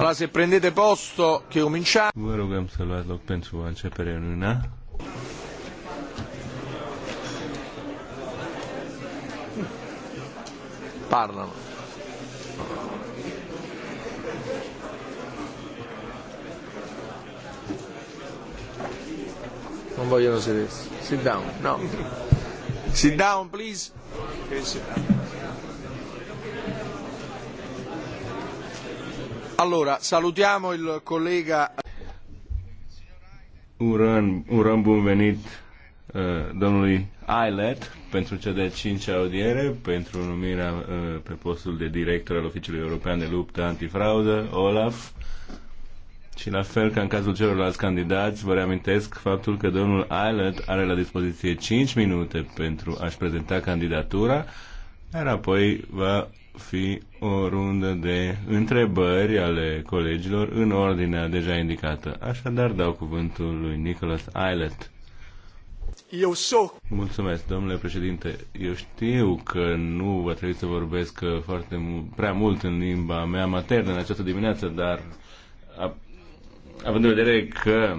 Allora, se prendete posto, che cominciamo. Vă rugăm să luați loc pentru a începe reuniunea. Parlano. Non vogliono sedersi. Sit down, no. Sit down, please. Okay, sit down. Allora, salutiamo il collega... Urăm, bun venit uh, domnului Ailet pentru cea de-a cincea audiere, pentru numirea uh, pe postul de director al Oficiului European de Luptă Antifraudă, OLAF. Și la fel ca în cazul celorlalți candidați, vă reamintesc faptul că domnul Ailet are la dispoziție 5 minute pentru a-și prezenta candidatura, iar apoi va fi o rundă de întrebări ale colegilor în ordinea deja indicată. Așadar, dau cuvântul lui Nicholas Eilert. Eu știu. Mulțumesc, domnule președinte. Eu știu că nu va trebui să vorbesc uh, foarte mult, prea mult în limba mea maternă în această dimineață, dar a, având în vedere că a,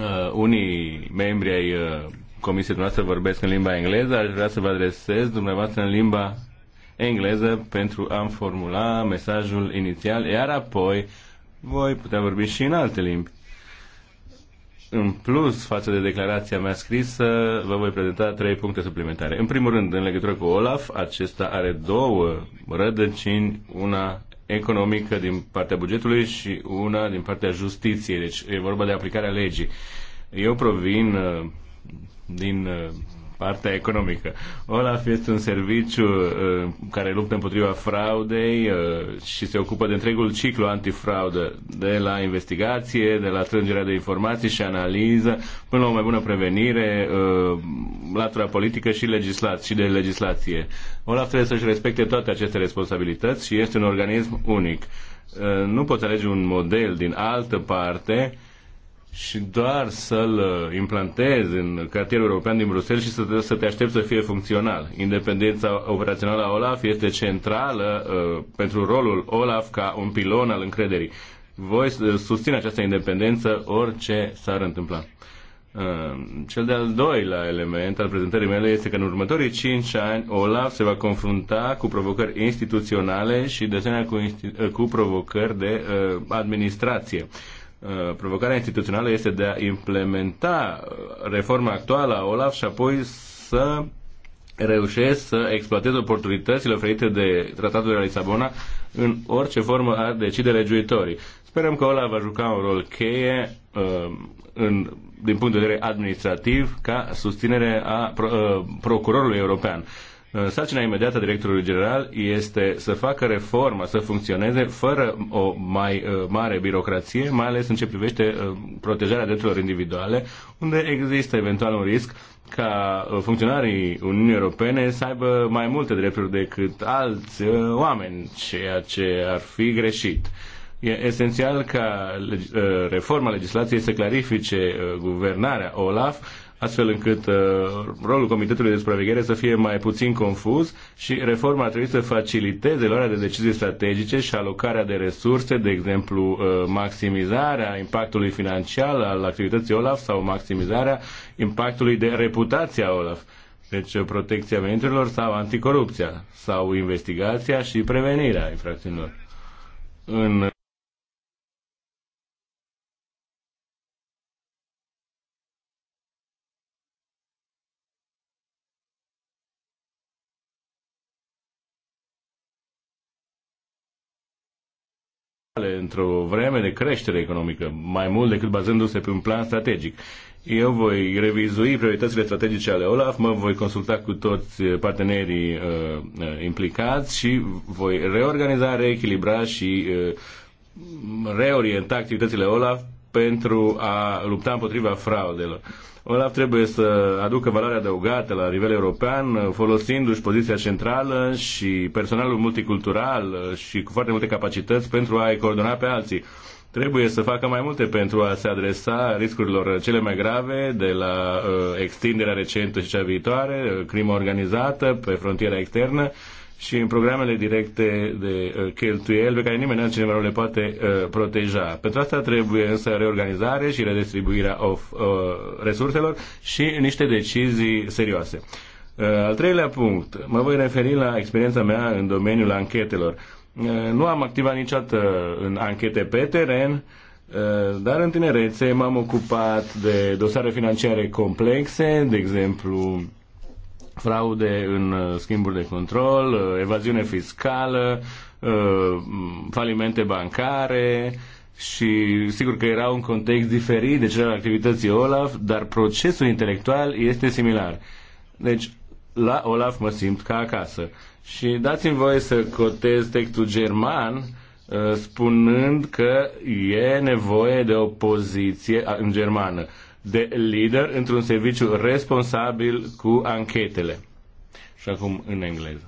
uh, unii membri ai a, uh, comisiei dumneavoastră vorbesc în limba engleză, aș vrea să vă adresez dumneavoastră în limba engleză pentru a-mi formula mesajul inițial, iar apoi voi putea vorbi și în alte limbi. În plus, față de declarația mea scrisă, vă voi prezenta trei puncte suplimentare. În primul rând, în legătură cu Olaf, acesta are două rădăcini, una economică din partea bugetului și una din partea justiției. Deci e vorba de aplicarea legii. Eu provin uh, din uh, partea economică. Olaf este un serviciu uh, care luptă împotriva fraudei uh, și se ocupă de întregul ciclu antifraudă, de la investigație, de la strângerea de informații și analiză, până la o mai bună prevenire, uh, latura politică și, legislat, și de legislație. Olaf trebuie să-și respecte toate aceste responsabilități și este un organism unic. Nu poți alege un model din altă parte și doar să-l uh, implantezi în cartierul european din Bruxelles și să te, să te aștepți să fie funcțional. Independența operațională a OLAF este centrală uh, pentru rolul OLAF ca un pilon al încrederii. Voi uh, susține această independență orice s-ar întâmpla. Uh, cel de-al doilea element al prezentării mele este că în următorii 5 ani OLAF se va confrunta cu provocări instituționale și de asemenea cu, cu provocări de uh, administrație. Uh, Uh, provocarea instituțională este de a implementa uh, reforma actuală a OLAF și apoi să reușesc să exploatez oportunitățile oferite de Tratatul de la Lisabona în orice formă ar decide legiuitorii. Sperăm că OLAF va juca un rol cheie uh, în, din punct de vedere administrativ ca susținere a procurorului european. Uh, sarcina imediată a directorului general este să facă reforma, să funcționeze fără o mai uh, mare birocrație, mai ales în ce privește uh, protejarea drepturilor individuale, unde există eventual un risc ca funcționarii Uniunii Europene să aibă mai multe drepturi decât alți oameni, ceea ce ar fi greșit. E esențial ca reforma legislației să clarifice guvernarea OLAF astfel încât uh, rolul Comitetului de Supraveghere să fie mai puțin confuz și reforma ar trebui să faciliteze luarea de decizii strategice și alocarea de resurse, de exemplu uh, maximizarea impactului financiar al activității OLAF sau maximizarea impactului de reputație a OLAF. Deci uh, protecția veniturilor sau anticorupția sau investigația și prevenirea infracțiunilor. În într-o vreme de creștere economică, mai mult decât bazându-se pe un plan strategic. Eu voi revizui prioritățile strategice ale OLAF, mă voi consulta cu toți partenerii uh, uh implicați și voi reorganiza, reechilibra și uh, reorienta activitățile OLAF pentru a lupta împotriva fraudelor. Olaf trebuie să aducă valoare adăugată la nivel european, folosindu-și poziția centrală și personalul multicultural și cu foarte multe capacități pentru a-i coordona pe alții. Trebuie să facă mai multe pentru a se adresa riscurilor cele mai grave, de la uh, extinderea recentă și cea viitoare, crimă organizată pe frontiera externă, uh, și în programele directe de uh, cheltuieli pe care nimeni altcineva nu le poate uh, proteja. Pentru asta trebuie însă reorganizare și redistribuirea of, uh, resurselor și niște decizii serioase. Uh, al treilea punct, mă voi referi la experiența mea în domeniul anchetelor. Uh, nu am activat niciodată în anchete pe teren, uh, dar în tinerețe m-am ocupat de dosare financiare complexe, de exemplu fraude în uh, schimburi de control, uh, evaziune fiscală, uh, falimente bancare și sigur că era un context diferit de cel al activității Olaf, dar procesul intelectual este similar. Deci, la Olaf mă simt ca acasă. Și dați-mi voie să cotez textul german spunând că e nevoie de o poziție în germană de lider într-un serviciu responsabil cu anchetele. Și acum în engleză.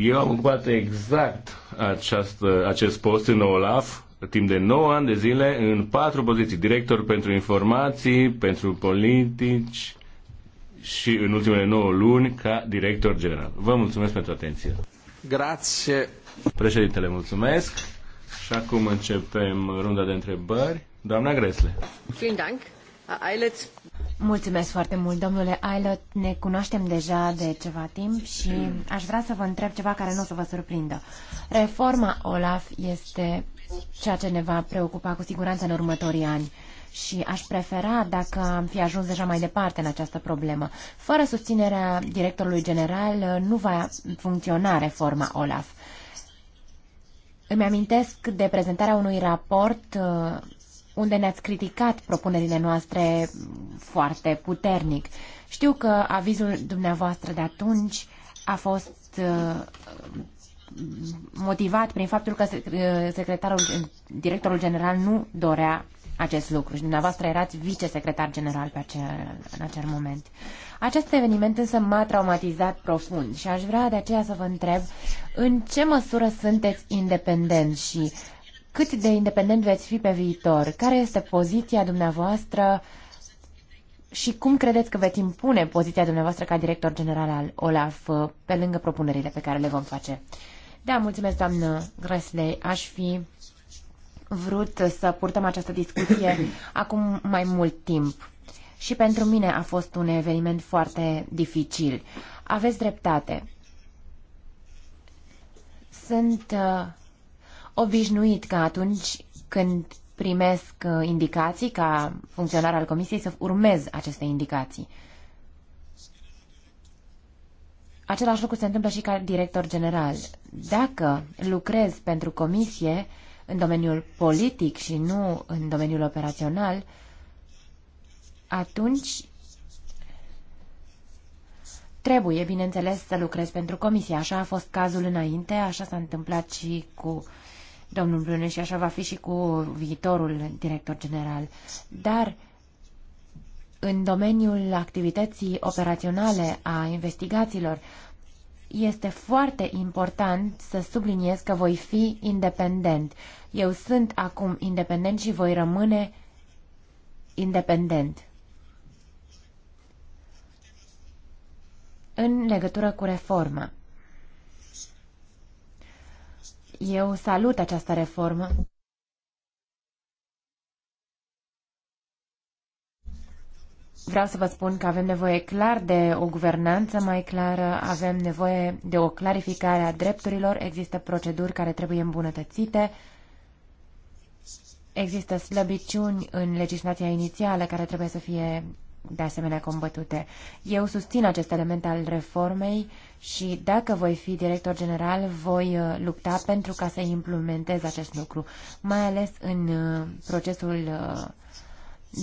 Eu am ocupat exact această, acest post în OLAF timp de 9 ani de zile în patru poziții. Director pentru informații, pentru politici și în ultimele 9 luni ca director general. Vă mulțumesc pentru atenție. Grație. Președintele, mulțumesc. Și acum începem runda de întrebări. Doamna Gresle. Mulțumesc foarte mult, domnule Eilert. Ne cunoaștem deja de ceva timp și aș vrea să vă întreb ceva care nu o să vă surprindă. Reforma OLAF este ceea ce ne va preocupa cu siguranță în următorii ani și aș prefera dacă am fi ajuns deja mai departe în această problemă. Fără susținerea directorului general nu va funcționa reforma OLAF. Îmi amintesc de prezentarea unui raport uh, unde ne-ați criticat propunerile noastre foarte puternic. Știu că avizul dumneavoastră de atunci a fost uh, motivat prin faptul că uh, secretarul, directorul general nu dorea acest lucru și dumneavoastră erați vicesecretar general pe acel, în acel moment. Acest eveniment însă m-a traumatizat profund și aș vrea de aceea să vă întreb în ce măsură sunteți independenți și cât de independent veți fi pe viitor? Care este poziția dumneavoastră și cum credeți că veți impune poziția dumneavoastră ca director general al OLAF pe lângă propunerile pe care le vom face? Da, mulțumesc, doamnă Gresley. Aș fi vrut să purtăm această discuție acum mai mult timp și pentru mine a fost un eveniment foarte dificil. Aveți dreptate. Sunt uh, obișnuit că atunci când primesc uh, indicații ca funcționar al comisiei să urmez aceste indicații. Același lucru se întâmplă și ca director general. Dacă lucrez pentru comisie în domeniul politic și nu în domeniul operațional, uh, atunci trebuie, bineînțeles, să lucrez pentru comisie. Așa a fost cazul înainte, așa s-a întâmplat și cu domnul Brune și așa va fi și cu viitorul director general. Dar în domeniul activității operaționale a investigațiilor este foarte important să subliniez că voi fi independent. Eu sunt acum independent și voi rămâne independent. în legătură cu reforma. Eu salut această reformă. Vreau să vă spun că avem nevoie clar de o guvernanță mai clară, avem nevoie de o clarificare a drepturilor, există proceduri care trebuie îmbunătățite, există slăbiciuni în legislația inițială care trebuie să fie de asemenea combătute. Eu susțin acest element al reformei și dacă voi fi director general, voi uh, lupta pentru ca să implementez acest lucru, mai ales în uh, procesul uh,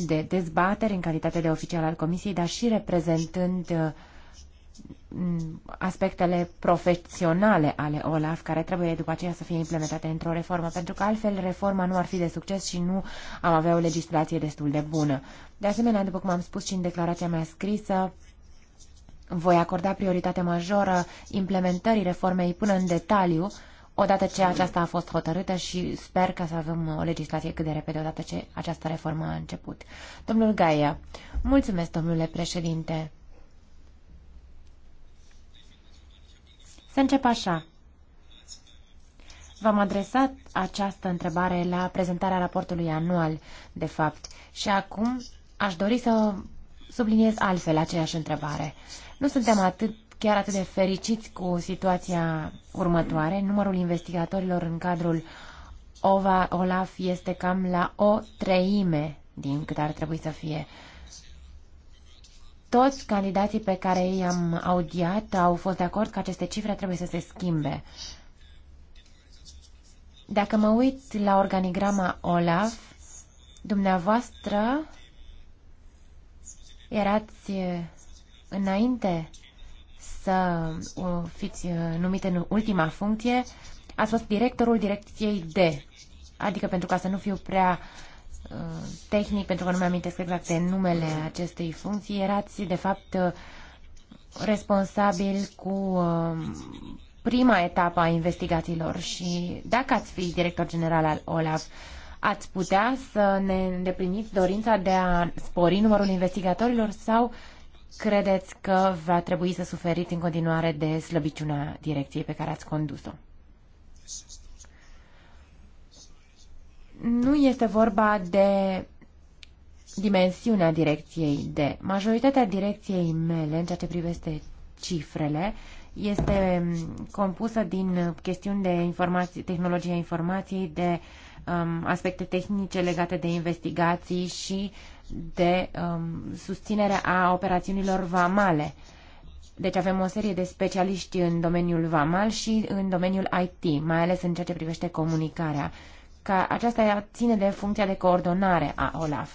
de dezbateri în calitate de oficial al Comisiei, dar și reprezentând aspectele profesionale ale OLAF, care trebuie după aceea să fie implementate într-o reformă, pentru că altfel reforma nu ar fi de succes și nu am avea o legislație destul de bună. De asemenea, după cum am spus și în declarația mea scrisă, voi acorda prioritate majoră implementării reformei până în detaliu, odată ce aceasta a fost hotărâtă și sper că să avem o legislație cât de repede odată ce această reformă a început. Domnul Gaia, mulțumesc, domnule președinte. Să încep așa. V-am adresat această întrebare la prezentarea raportului anual, de fapt, și acum aș dori să subliniez altfel aceeași întrebare. Nu suntem atât, chiar atât de fericiți cu situația următoare. Numărul investigatorilor în cadrul OVA, OLAF este cam la o treime din cât ar trebui să fie. Toți candidații pe care i-am audiat au fost de acord că aceste cifre trebuie să se schimbe. Dacă mă uit la organigrama OLAF, dumneavoastră erați eh, înainte să uh, fiți eh, numit în ultima funcție, ați fost directorul direcției D. Adică pentru ca să nu fiu prea uh, tehnic, pentru că nu mi-amintesc exact de numele acestei funcții, erați de fapt responsabil cu um, prima etapă a investigațiilor și dacă ați fi director general al OLAF, ați putea să ne îndepliniți dorința de a spori numărul investigatorilor sau credeți că va trebui să suferiți în continuare de slăbiciunea direcției pe care ați condus-o? nu este vorba de dimensiunea direcției D. Majoritatea direcției mele, în ceea ce privește cifrele, este mm, compusă din chestiuni de informații, tehnologia informației, de um, aspecte tehnice legate de investigații și de um, mm, susținere a operațiunilor vamale. Deci avem o serie de specialiști în domeniul vamal și în domeniul IT, mai ales în ceea ce privește comunicarea ca aceasta ține de funcția de coordonare a OLAF.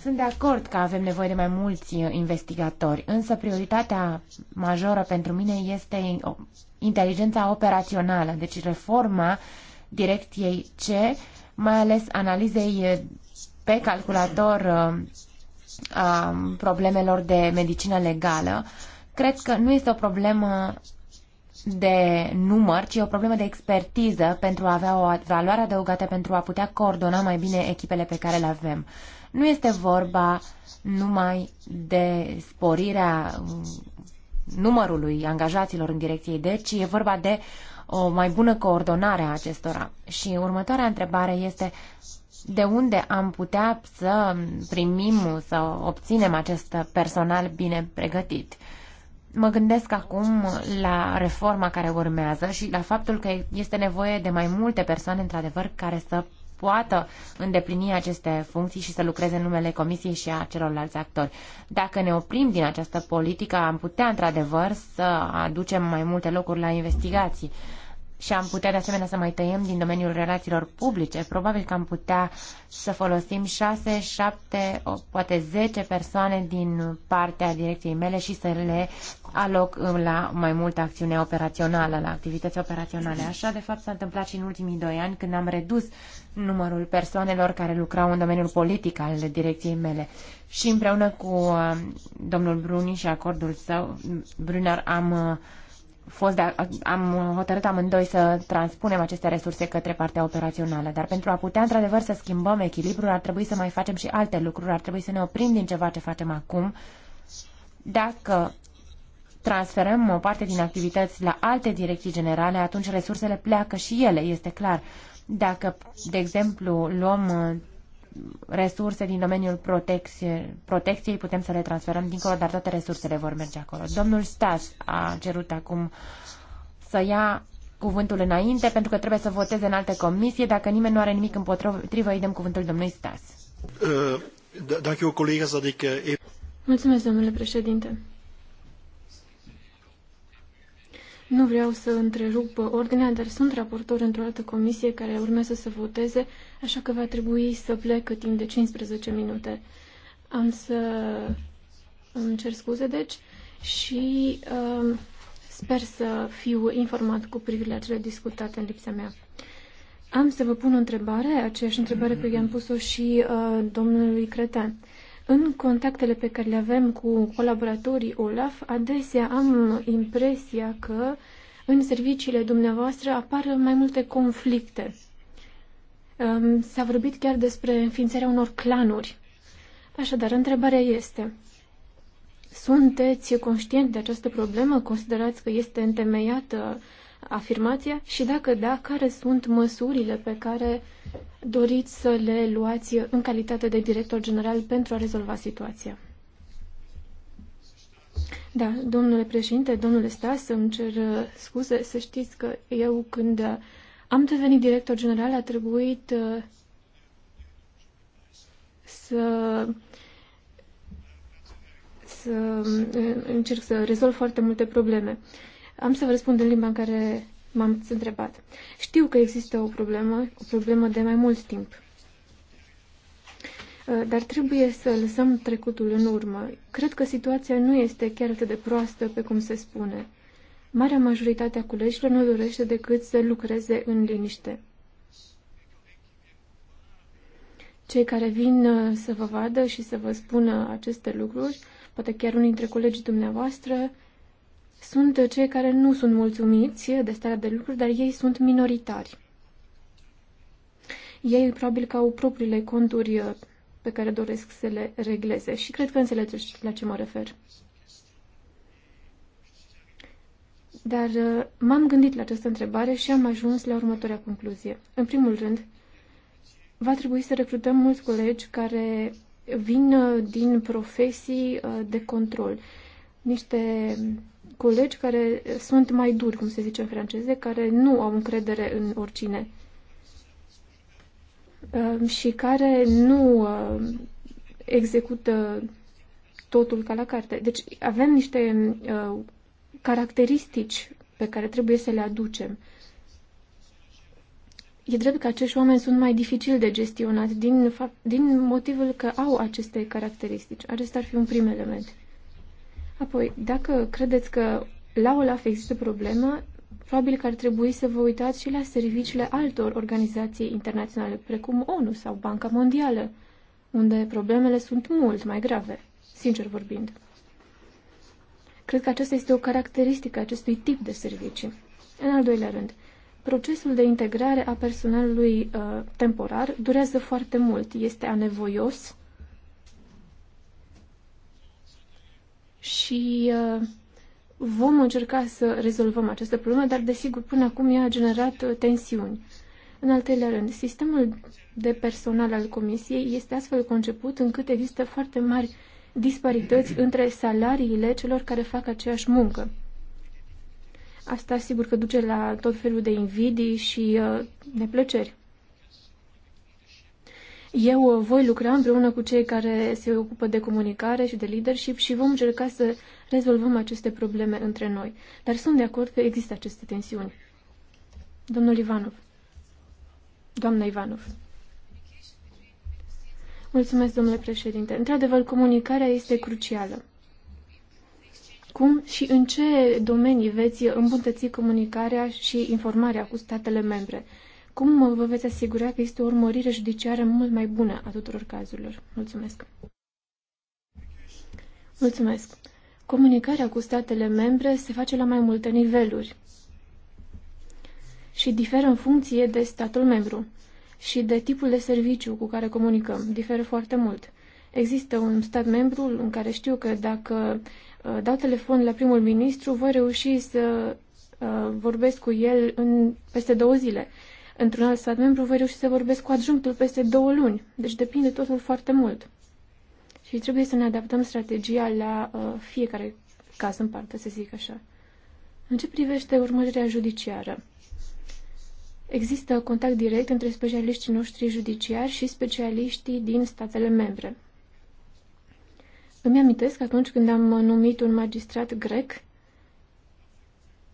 Sunt de acord că avem nevoie de mai mulți uh, investigatori, însă prioritatea majoră pentru mine este inteligența operațională, deci reforma direcției C, mai ales analizei uh, pe calculator uh, a problemelor de medicină legală. Cred că nu este o problemă de număr, ci o problemă de expertiză pentru a avea o valoare adăugată, pentru a putea coordona mai bine echipele pe care le avem. Nu este vorba numai de sporirea mm, numărului angajaților în direcție D, ci e vorba de o mai bună coordonare a acestora. Și următoarea întrebare este de unde am putea să primim, să obținem acest personal bine pregătit. Mă gândesc acum la reforma care urmează și la faptul că este nevoie de mai multe persoane, într-adevăr, care să poată îndeplini aceste funcții și să lucreze în numele Comisiei și a celorlalți actori. Dacă ne oprim din această politică, am putea, într-adevăr, să aducem mai multe locuri la investigații și am putea de asemenea să mai tăiem din domeniul relațiilor publice. Probabil că am putea să folosim 6, 7, poate 10 persoane din partea direcției mele și să le aloc la mai multă acțiune operațională, la activități operaționale. Așa, de fapt, s-a întâmplat și în ultimii doi ani când am redus numărul persoanelor care lucrau în domeniul politic al direcției mele. Și împreună cu uh, domnul Bruni și acordul său, Brunar, am uh, fost de, am hotărât amândoi să transpunem aceste resurse către partea operațională, dar pentru a putea într-adevăr să schimbăm echilibrul ar trebui să mai facem și alte lucruri, ar trebui să ne oprim din ceva ce facem acum. Dacă transferăm o parte din activități la alte direcții generale, atunci resursele pleacă și ele, este clar. Dacă, de exemplu, luăm resurse din domeniul protecție, protecției putem să le transferăm dincolo, dar toate resursele vor merge acolo. Domnul Stas a cerut acum să ia cuvântul înainte, pentru că trebuie să voteze în altă comisie. Dacă nimeni nu are nimic împotrivă, îi dăm cuvântul domnului Stas. Eh, da, Mulțumesc, domnule președinte. Nu vreau să întrerup ordinea, dar sunt raportor într-o altă comisie care urmează să voteze, așa că va trebui să plec timp de 15 minute. Am să îmi cer scuze, deci, și uh, sper să fiu informat cu privire la cele discutate în lipsa mea. Am să vă pun o întrebare, aceeași întrebare pe care i-am pus-o și uh, domnului Cretan. Uh, în contactele pe care le avem cu colaboratorii OLAF, adesea am impresia că în serviciile dumneavoastră apar mai multe conflicte. S-a vorbit chiar despre înființarea unor clanuri. Așadar, întrebarea este, sunteți conștient de această problemă? Considerați că este întemeiată afirmația? Și dacă da, care sunt măsurile pe care doriți să le luați în calitate de director general pentru a rezolva situația? Da, domnule președinte, domnule Stas, îmi cer uh, scuze să știți că eu când uh, am devenit director general a trebuit uh, să să încerc să rezolv foarte multe probleme. Uh, am să vă răspund în limba în care m-am întrebat. Știu că există o problemă, o problemă de mai mult timp. Uh, dar trebuie să lăsăm trecutul în urmă. Cred că situația nu este chiar atât de proastă pe cum se spune. Marea majoritate a colegilor nu dorește decât să lucreze în liniște. Cei care vin uh, să vă vadă și să vă spună aceste lucruri, poate chiar unii dintre colegii dumneavoastră, sunt cei care nu sunt mulțumiți de starea de lucruri, dar ei sunt minoritari. Ei probabil că au propriile conturi uh, pe care doresc să le regleze și cred că înțelegeți la ce mă refer. Dar uh, m-am gândit la această întrebare și am ajuns la următoarea concluzie. În primul rând, va trebui să recrutăm mulți colegi care vin uh, din profesii de control, niște colegi care sunt mai duri, cum se zice în franceză, care nu au încredere în oricine ehm, și care nu ehm, execută totul ca la carte. Deci avem niște ehm, caracteristici pe care trebuie să le aducem. E drept că acești oameni sunt mai dificil de gestionat din, fapt, din motivul că au aceste caracteristici. Acesta ar fi un prim element. Apoi, dacă credeți că la OLAF există problemă, probabil că ar trebui să vă uitați și la serviciile altor organizații internaționale, precum ONU sau Banca Mondială, unde problemele sunt mult mai grave, sincer vorbind. Cred că aceasta este o caracteristică a acestui tip de servicii. În al doilea rând, procesul de integrare a personalului uh, temporar durează foarte mult, este anevoios și uh, vom încerca să rezolvăm această problemă, dar desigur până acum ea a generat uh, tensiuni. În al treilea rând, sistemul de personal al comisiei este astfel conceput încât există foarte mari disparități între salariile celor care fac aceeași muncă. Asta sigur că duce la tot felul de invidii și uh, neplăceri. Eu voi lucra împreună cu cei care se ocupă de comunicare și de leadership și vom încerca să rezolvăm aceste probleme între noi. Dar sunt de acord că există aceste tensiuni. Domnul Ivanov. Doamna Ivanov. Mulțumesc, domnule președinte. Într-adevăr, comunicarea este crucială. Cum și în ce domenii veți îmbunătăți comunicarea și informarea cu statele membre? Cum vă veți asigura că este o urmărire judiciară mult mai bună a tuturor cazurilor? Mulțumesc! Mulțumesc! Comunicarea cu statele membre se face la mai multe niveluri și diferă în funcție de statul membru și de tipul de serviciu cu care comunicăm. Diferă foarte mult. Există un stat membru în care știu că dacă uh, dau telefon la primul ministru, voi reuși să uh, vorbesc cu el în peste două zile într-un alt stat membru voi reuși să vorbesc cu adjunctul peste două luni. Deci depinde totul foarte mult. Și trebuie să ne adaptăm strategia la uh, fiecare caz în parte, să zic așa. În ce privește urmărirea judiciară? Există contact direct între specialiștii noștri judiciari și specialiștii din statele membre. Îmi amintesc atunci când am numit un magistrat grec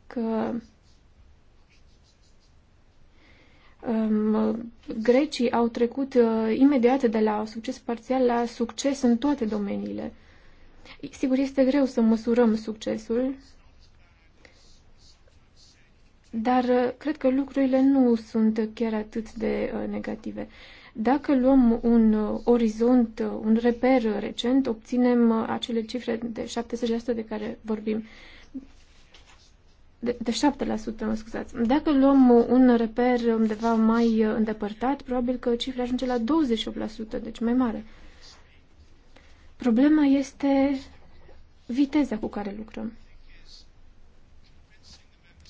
că um, grecii au trecut uh, imediat de la succes parțial la succes în toate domeniile. Sigur, este greu să măsurăm succesul, dar uh, cred că lucrurile nu sunt chiar atât de uh, negative. Dacă luăm un uh, orizont, uh, un reper recent, obținem uh, acele cifre de 70% de care vorbim. Uh, de, de 7%, mă scuzați. Dacă luăm un reper undeva mai îndepărtat, probabil că cifra ajunge la 28%, deci mai mare. Problema este viteza cu care lucrăm.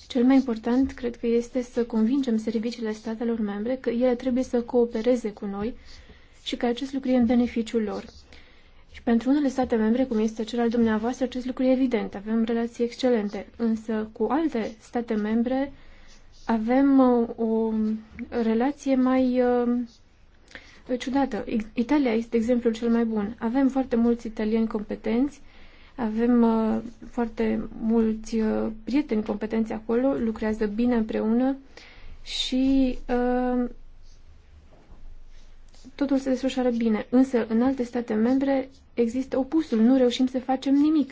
Cel mai important, cred că, este să convingem serviciile statelor membre că ele trebuie să coopereze cu noi și că acest lucru e în beneficiul lor. Și pentru unele state membre, cum este cel al dumneavoastră, acest lucru e evident. Avem relații excelente. Însă cu alte state membre avem uh, o relație mai uh, ciudată. Italia este exemplul cel mai bun. Avem foarte mulți italieni competenți, avem uh, foarte mulți uh, prieteni competenți acolo, lucrează bine împreună și uh, totul se desfășoară bine. Însă, în alte state membre există opusul, nu reușim să facem nimic.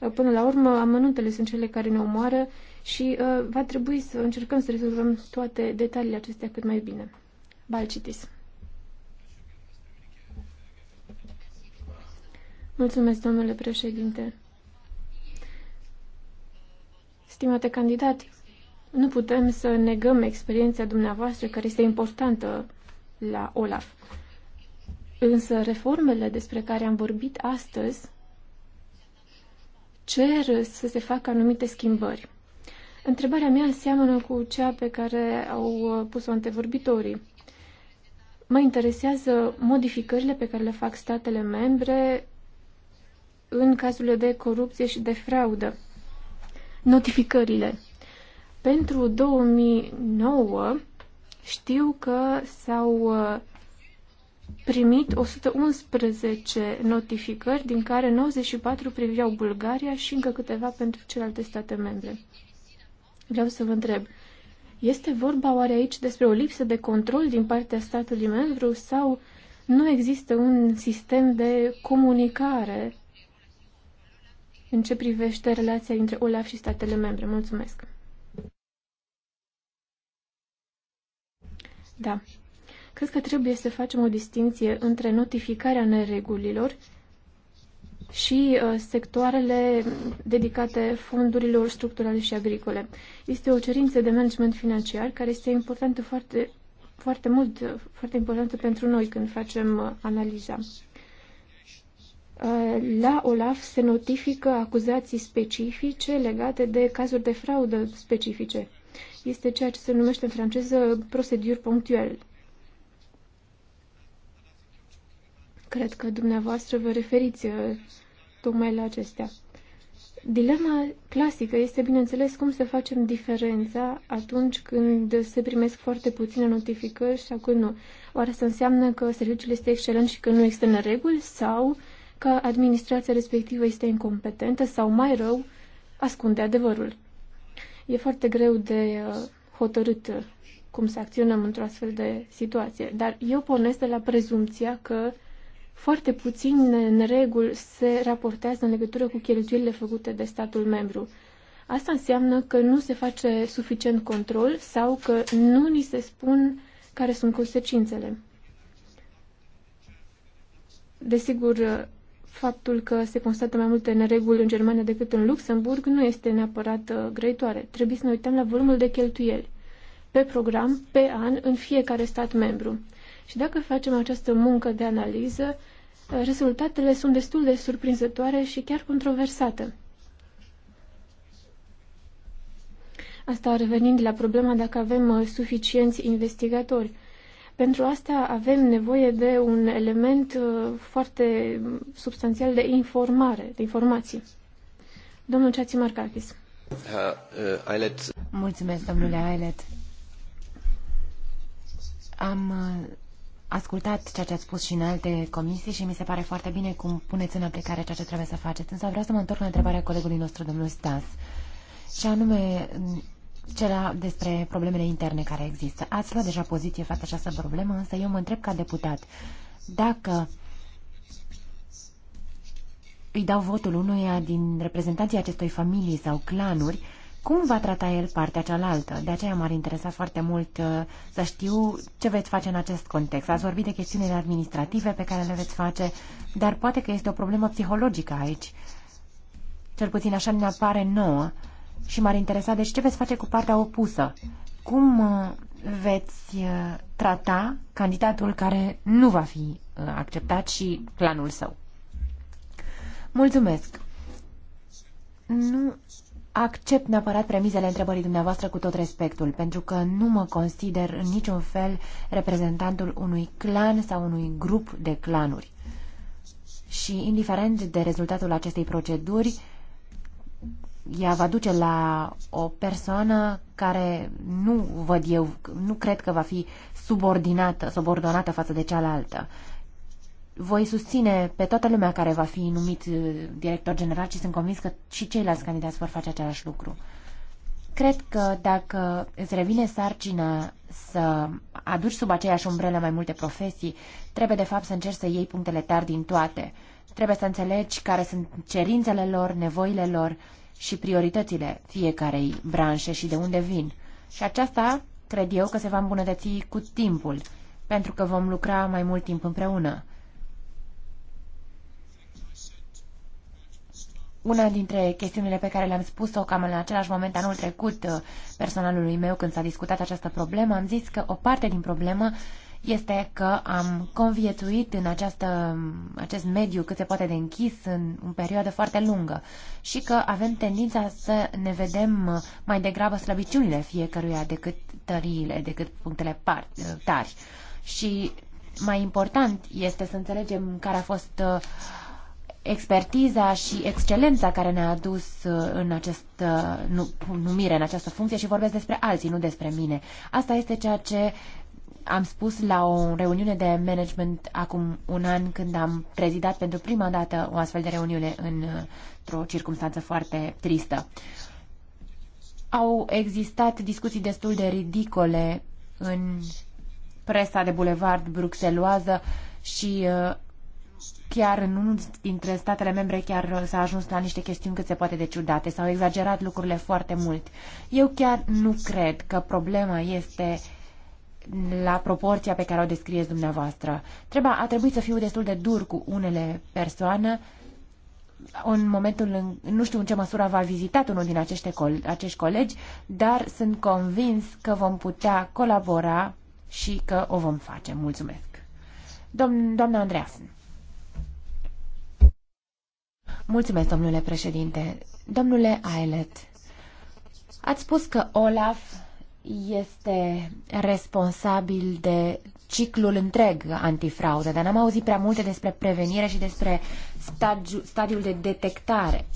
Uh, până la urmă, amănuntele sunt cele care ne omoară și uh, va trebui să încercăm să rezolvăm toate detaliile acestea cât mai bine. Balcitis. Mulțumesc, domnule președinte. Stimate candidat, nu putem să negăm experiența dumneavoastră, care este importantă la OLAF. Însă reformele despre care am vorbit astăzi cer să se facă anumite schimbări. Întrebarea mea seamănă cu cea pe care au pus-o antevorbitorii. Mă interesează modificările pe care le fac statele membre în cazurile de corupție și de fraudă. Notificările. Pentru 2009, știu că s-au uh, primit 111 notificări, din care 94 priveau Bulgaria și încă câteva pentru celelalte state membre. Vreau să vă întreb, este vorba oare aici despre o lipsă de control din partea statului membru sau nu există un sistem de comunicare în ce privește relația dintre OLAF și statele membre? Mulțumesc! Da. Cred că trebuie să facem o distinție între notificarea neregulilor și uh, sectoarele dedicate fondurilor structurale și agricole. Este o cerință de management financiar care este importantă foarte, foarte mult, uh, foarte importantă pentru noi când facem uh, analiza. La OLAF se notifică acuzații specifice legate de cazuri de fraudă specifice este ceea ce se numește în franceză procedură punctuelle. Cred că dumneavoastră vă referiți uh, tocmai la acestea. Dilema clasică este, bineînțeles, cum să facem diferența atunci când se primesc foarte puține notificări sau când nu. Oare asta înseamnă că serviciul este excelent și că nu există în reguli sau că administrația respectivă este incompetentă sau, mai rău, ascunde adevărul? E foarte greu de uh, hotărât uh, cum să acționăm într-o astfel de situație, dar eu pornesc de la prezumția că foarte puțin în reguli se raportează în legătură cu cheltuielile făcute de statul membru. Asta înseamnă că nu se face suficient control sau că nu ni se spun care sunt consecințele. Desigur, uh, Faptul că se constată mai multe nereguli în Germania decât în Luxemburg nu este neapărat uh, grăitoare. Trebuie să ne uităm la volumul de cheltuieli pe program, pe an, în fiecare stat membru. Și dacă facem această muncă de analiză, uh, rezultatele sunt destul de surprinzătoare și chiar controversate. Asta revenind la problema dacă avem uh, suficienți investigatori. Pentru asta avem nevoie de un element uh, foarte substanțial de informare, de informații. Domnul Ceați Marcachis. Uh, uh, Mulțumesc, domnule Ailet. Am ascultat ceea ce ați spus și în alte comisii și mi se pare foarte bine cum puneți în aplicare ceea ce trebuie să faceți. Însă vreau să mă întorc la întrebarea colegului nostru, domnul Stas. Și anume, cela despre problemele interne care există. Ați luat deja poziție față această problemă, însă eu mă întreb ca deputat dacă îi dau votul unuia din reprezentanții acestui familii sau clanuri, cum va trata el partea cealaltă? De aceea m-ar interesa foarte mult uh, să știu ce veți face în acest context. Ați vorbit de chestiunile administrative pe care le veți face, dar poate că este o problemă psihologică aici. Cel puțin așa ne apare nouă. Și m-ar interesa, deci, ce veți face cu partea opusă? Cum uh, veți uh, trata candidatul care nu va fi uh, acceptat și clanul său? Mulțumesc! Nu accept neapărat premizele întrebării dumneavoastră cu tot respectul, pentru că nu mă consider în niciun fel reprezentantul unui clan sau unui grup de clanuri. Și indiferent de rezultatul acestei proceduri, ea va duce la o persoană care nu văd eu, nu cred că va fi subordinată, subordonată față de cealaltă. Voi susține pe toată lumea care va fi numit uh, director general și sunt convins că și ceilalți candidați vor face același lucru. Cred că dacă îți revine sarcina să aduci sub aceeași umbrelă mai multe profesii, trebuie de fapt să încerci să iei punctele tari din toate. Trebuie să înțelegi care sunt cerințele lor, nevoile lor, și prioritățile fiecarei branșe și de unde vin. Și aceasta cred eu că se va îmbunătăți cu timpul, pentru că vom lucra mai mult timp împreună. Una dintre chestiunile pe care le-am spus-o cam în același moment anul trecut uh, personalului meu când s-a discutat această problemă, am zis că o parte din problemă este că am conviețuit în această, acest mediu cât se poate de închis în o perioadă foarte lungă și că avem tendința să ne vedem mai degrabă slăbiciunile fiecăruia decât tăriile, decât punctele par, tari. Și mai important este să înțelegem care a fost uh, expertiza și excelența care ne-a adus uh, în această numire, în această funcție și vorbesc despre alții, nu despre mine. Asta este ceea ce am spus la o reuniune de management acum un an când am prezidat pentru prima dată o astfel de reuniune într-o circunstanță foarte tristă. Au existat discuții destul de ridicole în presa de bulevard bruxeloază și uh, chiar în unul dintre statele membre chiar s-a ajuns la niște chestiuni cât se poate de ciudate, s-au exagerat lucrurile foarte mult. Eu chiar nu cred că problema este uh, la proporția pe care o descrieți dumneavoastră. Treba, a trebuit să fiu destul de dur cu unele persoane în momentul în, nu știu în ce măsură va vizitat unul din acești, col, acești colegi, dar sunt convins că vom putea colabora și că o vom face. Mulțumesc. Dom- doamna Andreasen. Mulțumesc, domnule președinte. Domnule Ailet, ați spus că Olaf este responsabil de ciclul întreg antifraudă, dar n-am auzit prea multe despre prevenire și despre stagiu, stadiul de detectare.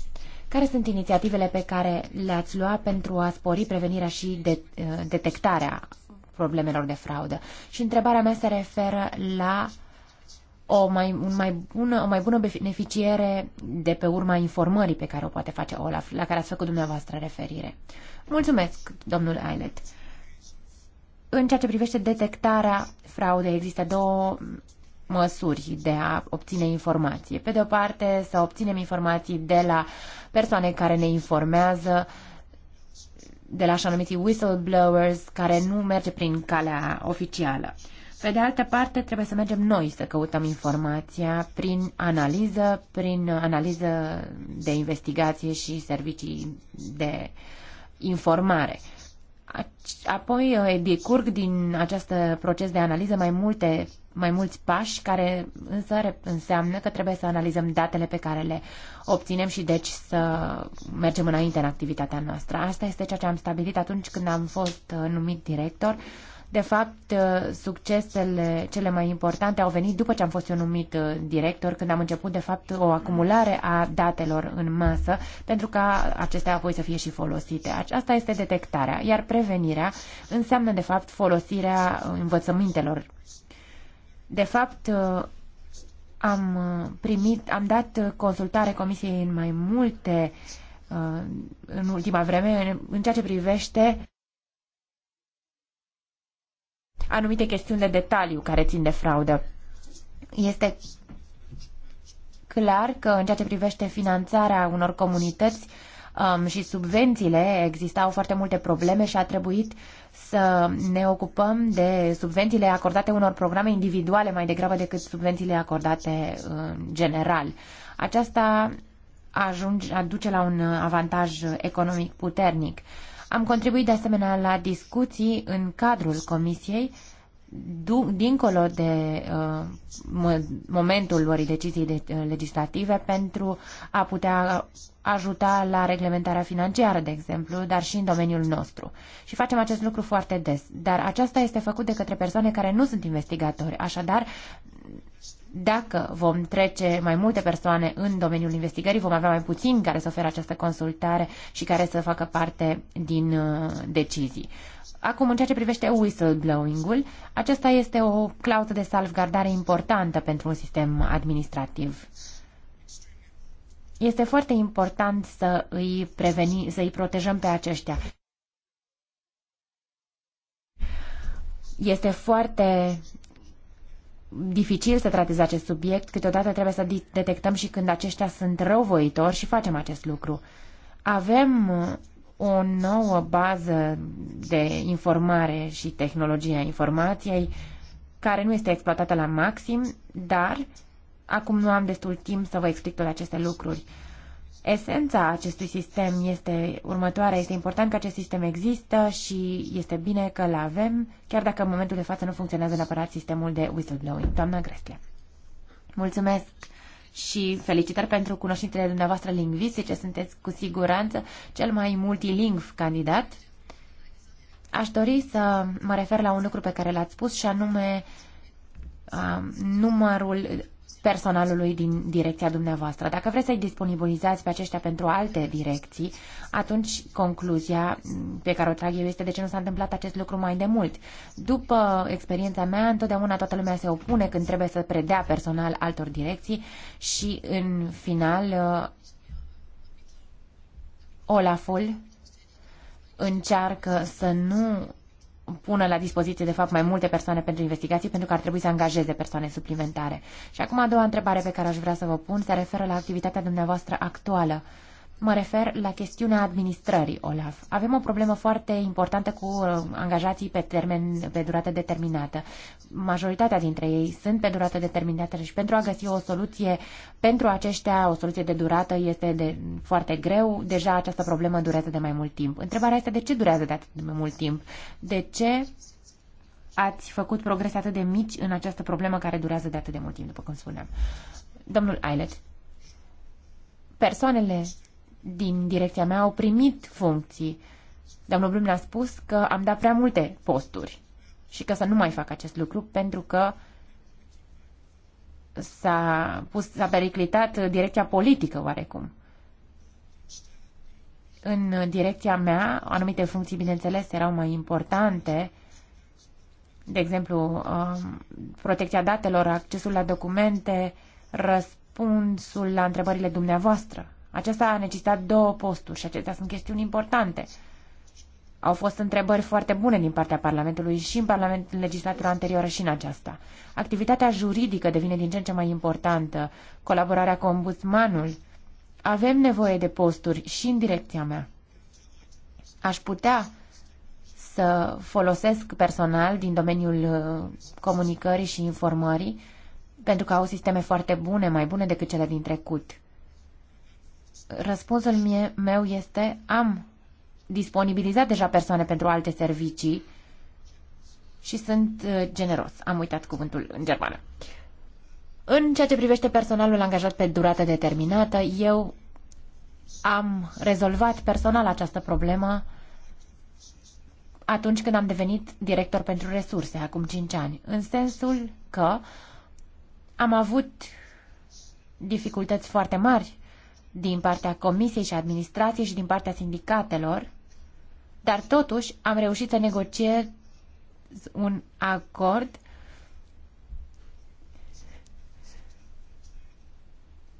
Care sunt inițiativele pe care le-ați luat pentru a spori prevenirea și de, uh, detectarea problemelor de fraudă? Și întrebarea mea se referă la o mai, un mai bună, o mai bună beneficiere de pe urma informării pe care o poate face Olaf, la care ați făcut dumneavoastră referire. Mulțumesc, domnul Ailet. În ceea ce privește detectarea fraudei, există două măsuri de a obține informație. Pe de o parte, să obținem informații de la persoane care ne informează, de la așa numiții whistleblowers, care nu merge prin calea oficială. Pe de altă parte, trebuie să mergem noi să căutăm informația prin analiză, prin analiză de investigație și servicii de informare. Apoi uh, decurg din acest proces de analiză mai multe mai mulți pași, care însă înseamnă că trebuie să analizăm datele pe care le obținem și deci să mergem înainte în activitatea noastră. Asta este ceea ce am stabilit atunci când am fost uh, numit director de fapt, uh, succesele cele mai importante au venit după ce am fost eu numit uh, director, când am început, de fapt, o acumulare a datelor în masă, pentru ca acestea apoi să fie și folosite. Asta este detectarea, iar prevenirea înseamnă, de fapt, folosirea învățămintelor. De fapt, uh, am primit, am dat consultare comisiei în mai multe în ultima vreme în ceea ce privește anumite chestiuni de detaliu care țin de fraudă. Este clar că în ceea ce privește finanțarea unor comunități um, și subvențiile, existau foarte multe probleme și a trebuit să ne ocupăm de subvențiile acordate unor programe individuale mai degrabă decât subvențiile acordate în general. Aceasta ajunge, aduce la un avantaj economic puternic. Uh, am contribuit de asemenea la discuții în cadrul comisiei, dincolo de uh, momentul luării decizii de, uh, legislative, pentru a putea ajuta la reglementarea financiară, de exemplu, dar și în domeniul nostru. Și facem acest lucru foarte des. Dar aceasta este făcut de către persoane care nu sunt investigatori. Așadar, dacă vom trece mai multe persoane în domeniul investigării, vom avea mai puțini care să ofere această consultare și care să facă parte din uh, decizii. Acum, în ceea ce privește whistleblowing-ul, acesta este o clauză de salvgardare importantă pentru un sistem administrativ. Este foarte important să îi, preveni, să îi protejăm pe aceștia. Este foarte dificil să tratezi acest subiect, câteodată trebuie să detectăm și când aceștia sunt răuvoitori și facem acest lucru. Avem uh, o nouă bază de informare și tehnologia informației care nu este exploatată la maxim, dar acum nu am destul timp să vă explic toate aceste lucruri. Esența acestui sistem este următoarea, este important că acest sistem există și este bine că îl avem, chiar dacă în momentul de față nu funcționează neapărat sistemul de whistleblowing. Doamna Gresle, mulțumesc și felicitări pentru cunoștințele dumneavoastră lingvistice, sunteți cu siguranță cel mai multilingv candidat. Aș dori să mă refer la un lucru pe care l-ați spus și anume numărul personalului din direcția dumneavoastră. Dacă vreți să-i disponibilizați pe aceștia pentru alte direcții, atunci concluzia pe care o trag eu este de ce nu s-a întâmplat acest lucru mai de mult. După experiența mea, întotdeauna toată lumea se opune când trebuie să predea personal altor direcții și în final Olaful încearcă să nu pună la dispoziție, de fapt, mai multe persoane pentru investigații, pentru că ar trebui să angajeze persoane suplimentare. Și acum a doua întrebare pe care aș vrea să vă pun se referă la activitatea dumneavoastră actuală. Uh, Mă refer la chestiunea administrării, Olaf. Avem o problemă foarte importantă cu uh, angajații pe, termen, pe durată determinată. Majoritatea dintre ei sunt pe durată determinată și pentru a găsi o soluție pentru aceștia, o soluție de durată este de, foarte greu. Deja această problemă durează de mai mult timp. Întrebarea este de ce durează de atât de mult timp? De ce ați făcut progrese atât de mici în această problemă care durează de atât de mult timp, după cum spuneam? Domnul Ailet, persoanele din direcția mea au primit funcții. Domnul Blum a spus că am dat prea multe posturi și că să nu mai fac acest lucru pentru că s-a, pus, s-a periclitat direcția politică oarecum. În direcția mea, anumite funcții, bineînțeles, erau mai importante, de exemplu, um, protecția datelor, accesul la documente, răspunsul la întrebările dumneavoastră. Aceasta a necesitat două posturi și acestea sunt chestiuni importante. Au fost întrebări foarte bune din partea Parlamentului și în Parlament în legislatura anterioară și în aceasta. Activitatea juridică devine din ce în ce mai importantă, colaborarea cu ombudsmanul. Avem nevoie de posturi și în direcția mea. Aș putea să folosesc personal din domeniul uh, comunicării și informării, pentru că au sisteme foarte bune, mai bune decât cele din trecut. Răspunsul mie, meu este am disponibilizat deja persoane pentru alte servicii și sunt uh, generos. Am uitat cuvântul în germană. În ceea ce privește personalul angajat pe durată determinată, eu am rezolvat personal această problemă atunci când am devenit director pentru resurse, acum 5 ani, în sensul că am avut dificultăți foarte mari din partea comisiei și administrației și din partea sindicatelor, dar totuși am reușit să negociez un acord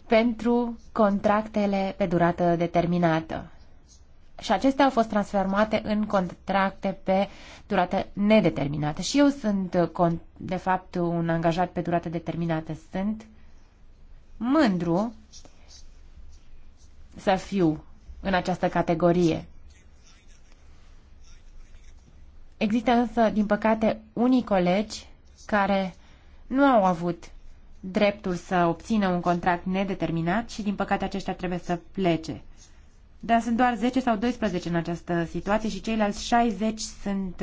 pentru contractele pe durată determinată. Și acestea au fost transformate în contracte pe durată nedeterminată. Și eu sunt, de fapt, un angajat pe durată determinată. Sunt mândru să fiu în această categorie. Există însă, din păcate, unii colegi care nu au avut dreptul să obțină un contract nedeterminat și, din păcate, aceștia trebuie să plece. Dar sunt doar 10 sau 12 în această situație și ceilalți 60 sunt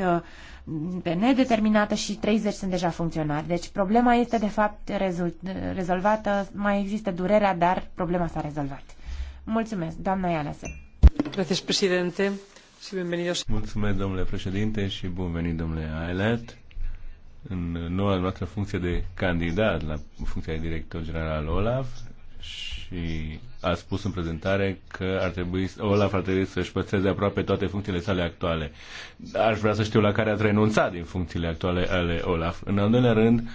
uh, pe nedeterminată și 30 sunt deja funcționari. Deci problema este, de fapt, rezolvată. Mai există durerea, dar problema s-a rezolvat. Mulțumesc, președinte. Și Mulțumesc, domnule președinte, și bun venit, domnule Ailet. În noua noastră funcție de candidat la funcția de director general al OLAF, și a spus în prezentare că ar trebui, Olaf ar trebui să-și păstreze aproape toate funcțiile sale actuale. Aș vrea să știu la care ați renunțat din funcțiile actuale ale Olaf. În al doilea rând,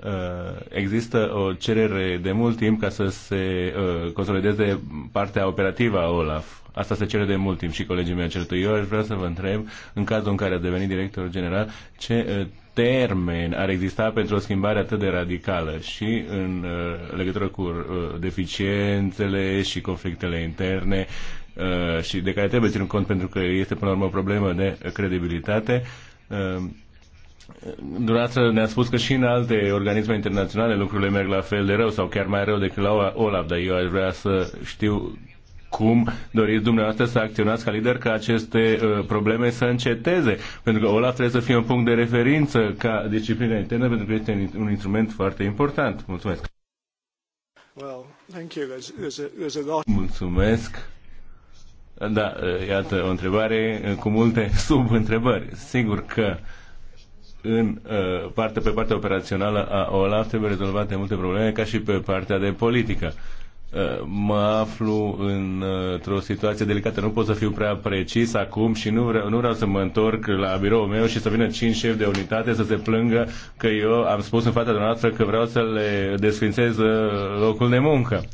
Uh, există o cerere de mult timp ca să se uh, consolideze partea operativă a OLAF. Asta se cere de mult timp și colegii mei acertă. Eu aș vrea să vă întreb, în cazul în care a devenit director general, ce uh, termen ar exista pentru o schimbare atât de radicală și în legătură cu deficiențele și conflictele interne și de care trebuie ținut cont pentru că este până la urmă o problemă de credibilitate Dumneavoastră ne-a spus că și în alte organisme internaționale lucrurile merg la fel de rău sau chiar mai rău decât la OLAF, dar eu aș vrea să știu cum doriți dumneavoastră să acționați ca lider ca aceste uh, probleme să înceteze. Pentru că OLAF trebuie să fie un punct de referință ca disciplina internă, pentru că este un instrument foarte important. Mulțumesc! Well, thank you. There's, there's a, there's a lot... Mulțumesc! Da, uh, iată o întrebare uh, cu multe sub-întrebări. Sigur că uh, în uh, parte, pe partea operațională a OLAF trebuie rezolvate multe probleme, ca și pe partea de politică. Uh, mă aflu uh, într-o situație delicată, nu pot să fiu prea precis acum și nu vreau, nu vreau să mă întorc la biroul meu și să vină cinci șefi de unitate să se plângă că eu am spus în fața dumneavoastră că vreau să le desfințez uh, locul de muncă. Uh,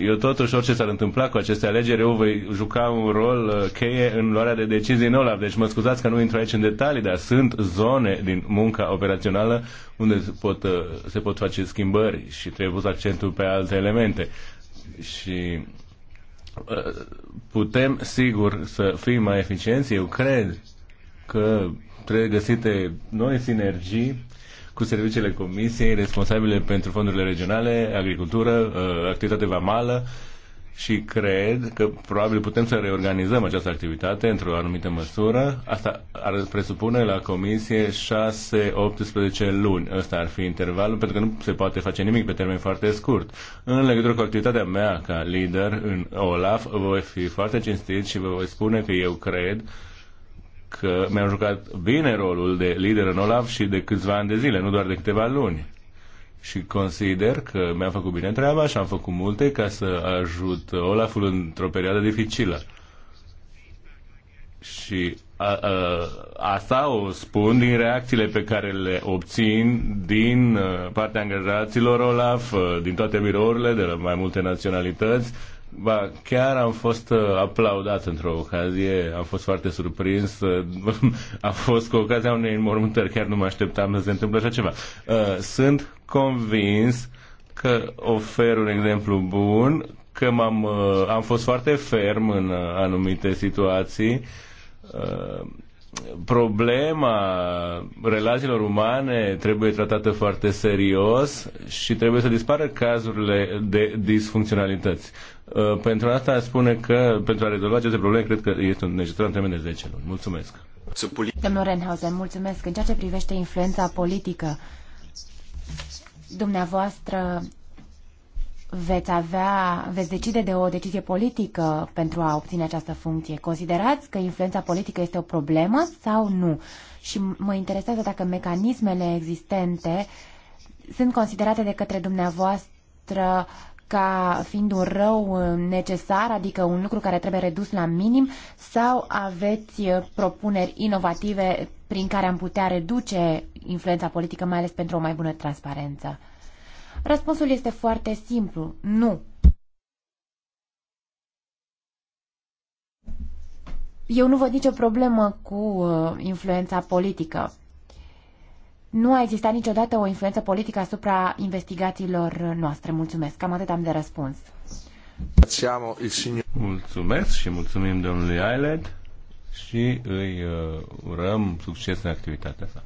eu totuși, orice s-ar întâmpla cu aceste alegeri, eu voi juca un rol uh, cheie în luarea de decizii în OLAF. Deci mă scuzați că nu intru aici în detalii, dar sunt zone din munca operațională unde se pot, uh, se pot face schimbări și trebuie pus accentul pe alte elemente. Și uh, putem, sigur, să fim mai eficienți. Eu cred că trebuie găsite noi sinergii cu serviciile Comisiei responsabile pentru fondurile regionale, agricultură, uh, activitate vamală și cred că probabil putem să reorganizăm această activitate într-o anumită măsură. Asta ar presupune la Comisie 6-18 luni. Ăsta ar fi intervalul, pentru că nu se poate face nimic pe termen foarte scurt. În legătură cu activitatea mea ca lider în OLAF, voi fi foarte cinstit și vă voi spune că eu cred că mi-am jucat bine rolul de lider în Olaf și de câțiva ani de zile, nu doar de câteva luni. Și consider că mi-am făcut bine treaba și am făcut multe ca să ajut Olaful într-o perioadă dificilă. Și a, a, asta o spun din reacțiile pe care le obțin din uh, partea angajaților Olaf, uh, din toate birourile de la mai multe naționalități, Ba, chiar am fost uh, aplaudat într-o ocazie, am fost foarte surprins, uh, a fost cu ocazia unei înmormântări, chiar nu mă așteptam să se întâmple așa ceva. Uh, sunt convins că ofer un exemplu bun, că m-am, am fost foarte ferm în anumite situații, problema relațiilor umane trebuie tratată foarte serios și trebuie să dispară cazurile de disfuncționalități. Uh, pentru asta spune că, pentru a rezolva aceste probleme, cred că este necesar în termen de 10 luni. Mulțumesc. Domnul Renhausen, mulțumesc. În ceea ce privește influența politică, dumneavoastră veți avea, veți decide de o decizie politică pentru a obține această funcție. Considerați că influența politică este o problemă sau nu? Și mă interesează dacă mecanismele existente sunt considerate de către dumneavoastră ca fiind un rău uh, necesar, adică un lucru care trebuie redus la minim, sau aveți uh, propuneri inovative prin care am putea reduce influența politică, mai ales pentru o mai bună transparență? Răspunsul este foarte simplu. Nu. Eu nu văd nicio problemă cu uh, influența politică nu a existat niciodată o influență politică asupra investigațiilor noastre. Mulțumesc. Cam atât am de răspuns. Mulțumesc și mulțumim domnului Ailet și îi uh, urăm succes în activitatea sa.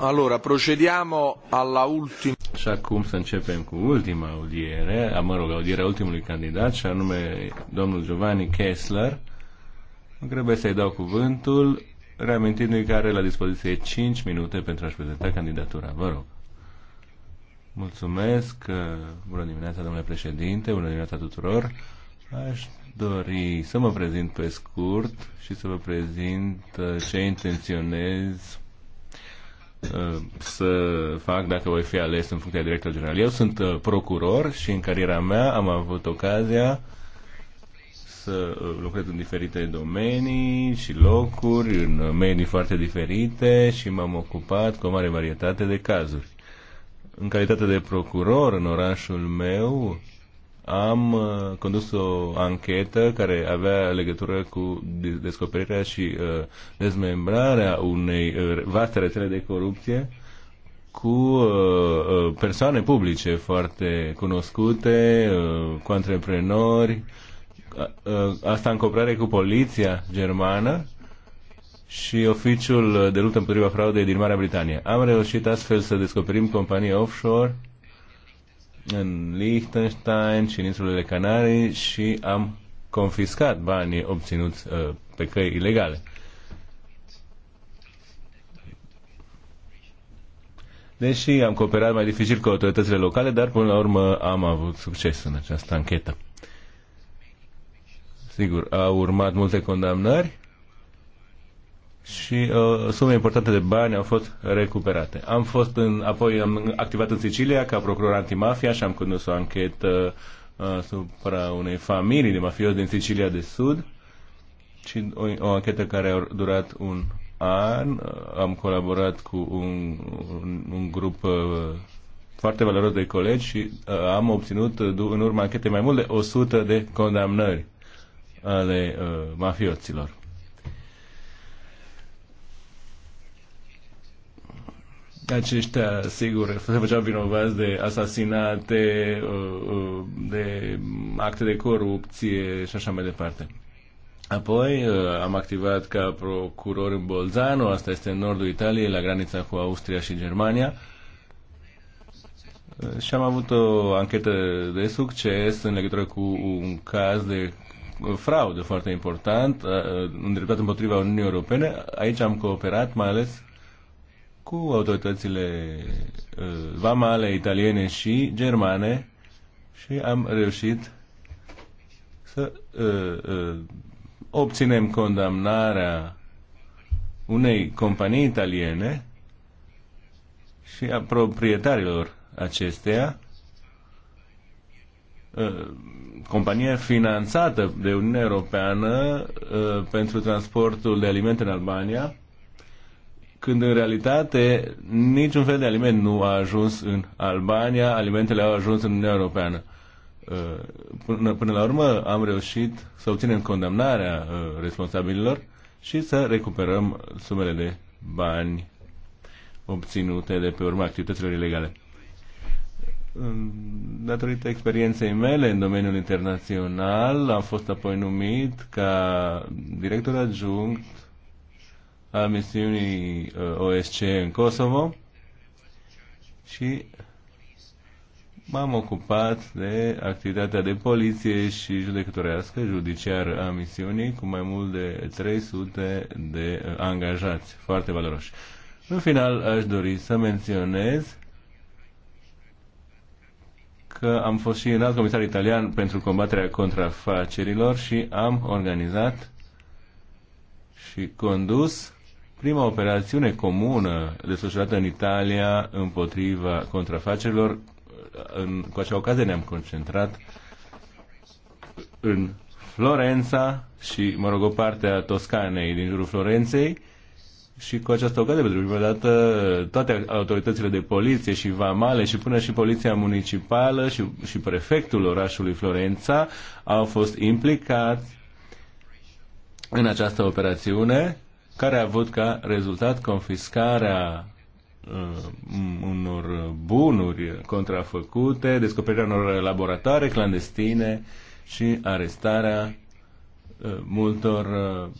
Allora, procediamo alla ultima. Și acum să începem cu ultima audiere, mă rog, audierea ultimului candidat, și anume domnul Giovanni Kessler. Nu trebuie să-i dau cuvântul, reamintindu-i că are la dispoziție 5 minute pentru a-și prezenta candidatura. Vă rog. Mulțumesc. Uh, bună dimineața, domnule președinte. Bună dimineața tuturor. Aș dori să mă prezint pe scurt și să vă prezint uh, ce intenționez Uh, să fac dacă voi fi ales în funcția de director general. Eu sunt uh, procuror și în cariera mea am avut ocazia să uh, lucrez în diferite domenii și locuri, în medii foarte diferite și m-am ocupat cu o mare varietate de cazuri. În calitate de procuror în orașul meu, am uh, condus o anchetă care avea legătură cu descoperirea și uh, dezmembrarea unei uh, vaste rețele de corupție cu persoane publice foarte cunoscute, cu antreprenori, asta în cooperare cu poliția germană și oficiul de luptă împotriva fraudei din Marea Britanie. Am reușit astfel să descoperim companii offshore în Liechtenstein și în insulele Canare și am confiscat banii obținuți uh, pe căi ilegale. Deși am cooperat mai dificil cu autoritățile locale, dar până la urmă am avut succes în această anchetă. Sigur, au urmat multe condamnări și uh, sume importante de bani au fost recuperate. Am fost în, apoi am activat în Sicilia ca procuror antimafia și am condus o anchetă uh, asupra unei familii de mafioși din Sicilia de Sud și o, o anchetă care a durat un an. Uh, am colaborat cu un, un, un grup uh, foarte valoros de colegi și uh, am obținut uh, în urma anchetei mai mult de 100 de condamnări ale uh, mafioților. aceștia, sigur, se făceau vinovați de asasinate, uh, uh, de acte de corupție și așa mai departe. Apoi uh, am activat ca procuror în Bolzano, asta este în nordul Italiei, la granița cu Austria și Germania, și am avut o anchetă de succes în legătură cu un caz de fraudă foarte important, îndreptat împotriva Uniunii Europene. Aici am cooperat mai ales cu autoritățile uh, vamale italiene și germane și am reușit să uh, uh, obținem condamnarea unei companii italiene și a proprietarilor acesteia, compania uh, companie finanțată de Uniunea Europeană uh, pentru transportul de alimente în Albania, când în realitate niciun fel de aliment nu a ajuns în Albania, alimentele au ajuns în Uniunea Europeană. Uh, până, până la urmă am reușit să obținem condamnarea uh, responsabililor și să recuperăm sumele de bani obținute de pe urma activităților ilegale. Datorită experienței mele în domeniul internațional, am fost apoi numit ca director adjunct a misiunii uh, OSC în Kosovo și m-am ocupat de activitatea de poliție și judecătorească, judiciară a misiunii, cu mai mult de 300 de uh, angajați foarte valoroși. În final, aș dori să menționez că am fost și înalt comisar italian pentru combaterea contrafacerilor și am organizat și condus prima operațiune comună desfășurată în Italia împotriva contrafacerilor. În, cu acea ocazie ne-am concentrat în Florența și, mă rog, o parte a Toscanei din jurul Florenței și cu această ocazie, pentru prima dată, toate autoritățile de poliție și vamale și până și poliția municipală și, și prefectul orașului Florența au fost implicați în această operațiune care a avut ca rezultat confiscarea uh, unor bunuri contrafăcute, descoperirea unor laboratoare clandestine și arestarea uh, multor uh,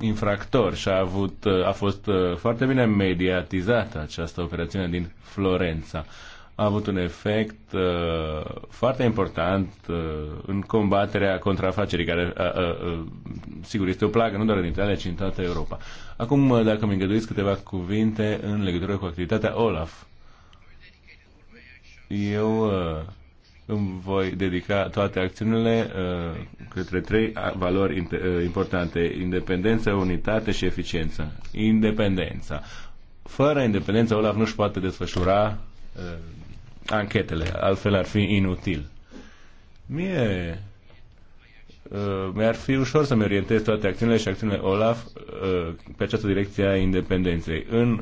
infractori și a, avut, a fost foarte bine mediatizată această operațiune din Florența a avut un efect uh, foarte important uh, în combaterea contrafacerii, care, uh, uh, uh sigur, este o plagă nu doar în Italia, ci în toată Europa. Acum, uh, dacă mi îngăduiți câteva cuvinte în legătură cu activitatea OLAF. Eu uh, îmi voi dedica toate acțiunile uh, către trei valori uh, importante. Independență, unitate și eficiență. Independența. Fără independență, Olaf nu-și poate desfășura anchetele, altfel ar fi inutil. Mie uh, mi-ar fi ușor să-mi orientez toate acțiunile și acțiunile OLAF uh, pe această direcție a independenței. În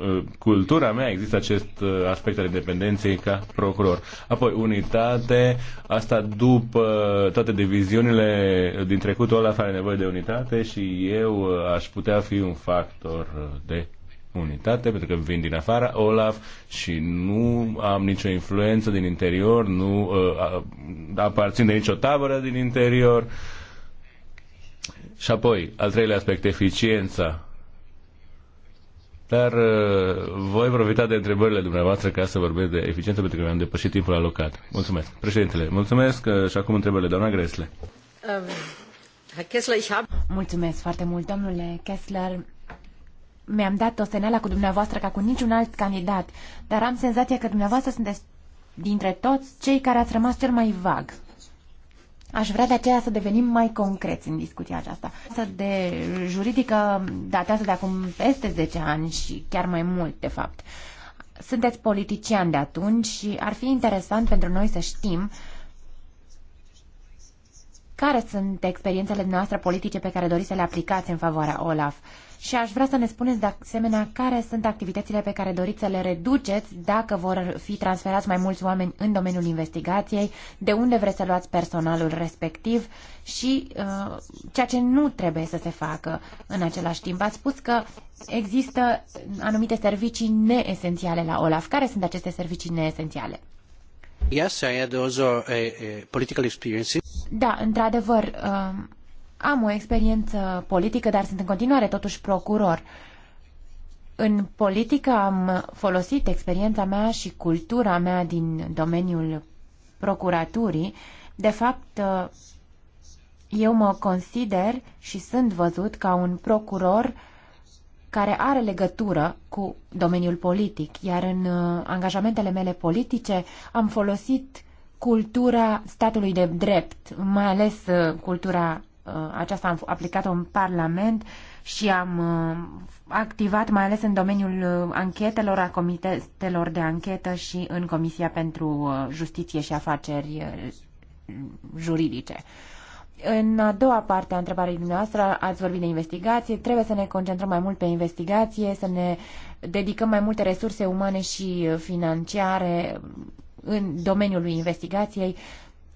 uh, cultura mea există acest aspect al independenței ca procuror. Apoi, unitate, asta după toate diviziunile din trecut, OLAF are nevoie de unitate și eu aș putea fi un factor de unitate, pentru că vin din afara Olaf și nu am nicio influență din interior, nu uh, aparțin de nicio tabără din interior. Și apoi, al treilea aspect, eficiența. Dar uh, voi profita de întrebările dumneavoastră ca să vorbesc de eficiență, pentru că mi-am depășit timpul alocat. Mulțumesc. Președintele, mulțumesc uh, și acum întrebările, doamna Gresle. Um, Kessler, ich hab... Mulțumesc foarte mult, domnule Kessler mi-am dat o senală cu dumneavoastră ca cu niciun alt candidat, dar am senzația că dumneavoastră sunteți dintre toți cei care ați rămas cel mai vag. Aș vrea de aceea să devenim mai concreți în discuția aceasta. Să de juridică datează de acum peste 10 ani și chiar mai mult, de fapt. Sunteți politician de atunci și ar fi interesant pentru noi să știm uh, care sunt experiențele noastre politice pe care doriți să le aplicați în favoarea OLAF. Și aș vrea să ne spuneți de asemenea care sunt activitățile pe care doriți să le reduceți dacă vor fi transferați mai mulți oameni în domeniul investigației, de unde vreți să luați personalul respectiv și uh, ceea ce nu trebuie să se facă în același timp. Ați spus că există anumite servicii neesențiale la OLAF. Care sunt aceste servicii neesențiale? Yes, I had also a, a political experiences. Da, într-adevăr, uh, am o experiență politică, dar sunt în continuare totuși procuror. În politică am folosit experiența mea și cultura mea din domeniul procuraturii. De fapt, uh, eu mă consider și sunt văzut ca un procuror care are legătură cu domeniul politic, iar în uh, angajamentele mele politice am folosit cultura statului de drept, mai ales uh, cultura uh, aceasta am aplicat-o în Parlament și am uh, activat mai ales în domeniul anchetelor, a comitetelor de anchetă și în Comisia pentru Justiție și Afaceri Juridice. În a doua parte a întrebării dumneavoastră ați vorbit de investigație. Trebuie să ne concentrăm mai mult pe investigație, să ne dedicăm mai multe resurse umane și financiare în domeniul investigației,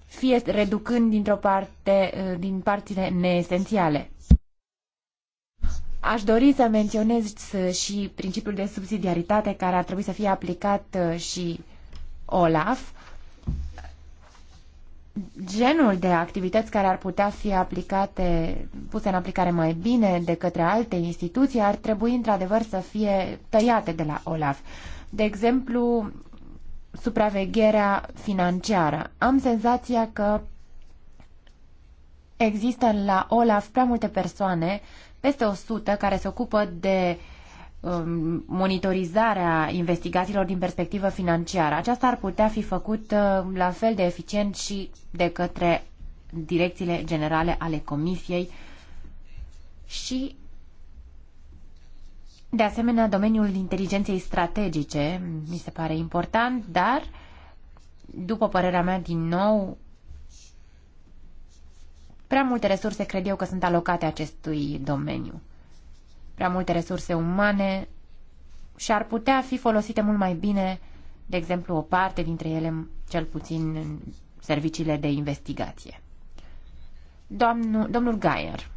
fie reducând dintr-o parte, eh, din parțile neesențiale. Aș dori să menționez eh, și principiul de subsidiaritate care ar trebui să fie aplicat eh, și OLAF. Genul de activități care ar putea fi aplicate, puse în aplicare mai bine de către alte instituții ar trebui într-adevăr să fie tăiate de la OLAF. De exemplu, supravegherea financiară. Am senzația că există la OLAF prea multe persoane, peste 100, care se ocupă de um, monitorizarea investigațiilor din perspectivă financiară. Aceasta ar putea fi făcută uh, la fel de eficient și de către direcțiile generale ale Comisiei și de asemenea, domeniul inteligenței strategice mi se pare important, dar, după părerea mea, din nou, prea multe resurse cred eu că sunt alocate acestui domeniu. Prea multe resurse umane și ar putea fi folosite mult mai bine, de exemplu, o parte dintre ele, cel puțin, în serviciile de investigație. domnul domnul Gaier.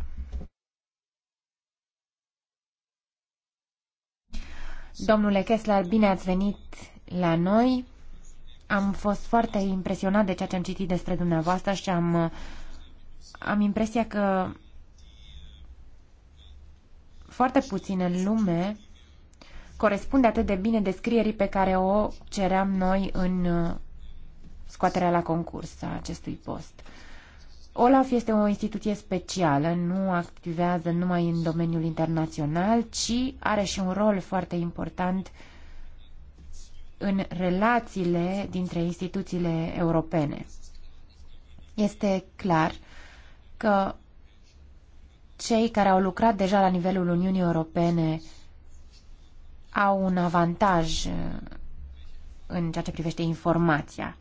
Domnule Kessler, bine ați venit la noi. Am fost foarte impresionat de ceea ce am citit despre dumneavoastră și am, am impresia că foarte puțin în lume corespunde atât de bine descrierii pe care o ceream noi în scoaterea la concurs a acestui post. Olaf este o instituție specială, nu activează numai în domeniul internațional, ci are și un rol foarte important în relațiile dintre instituțiile europene. Este clar că cei care au lucrat deja la nivelul Uniunii Europene au un avantaj în ceea ce privește informația.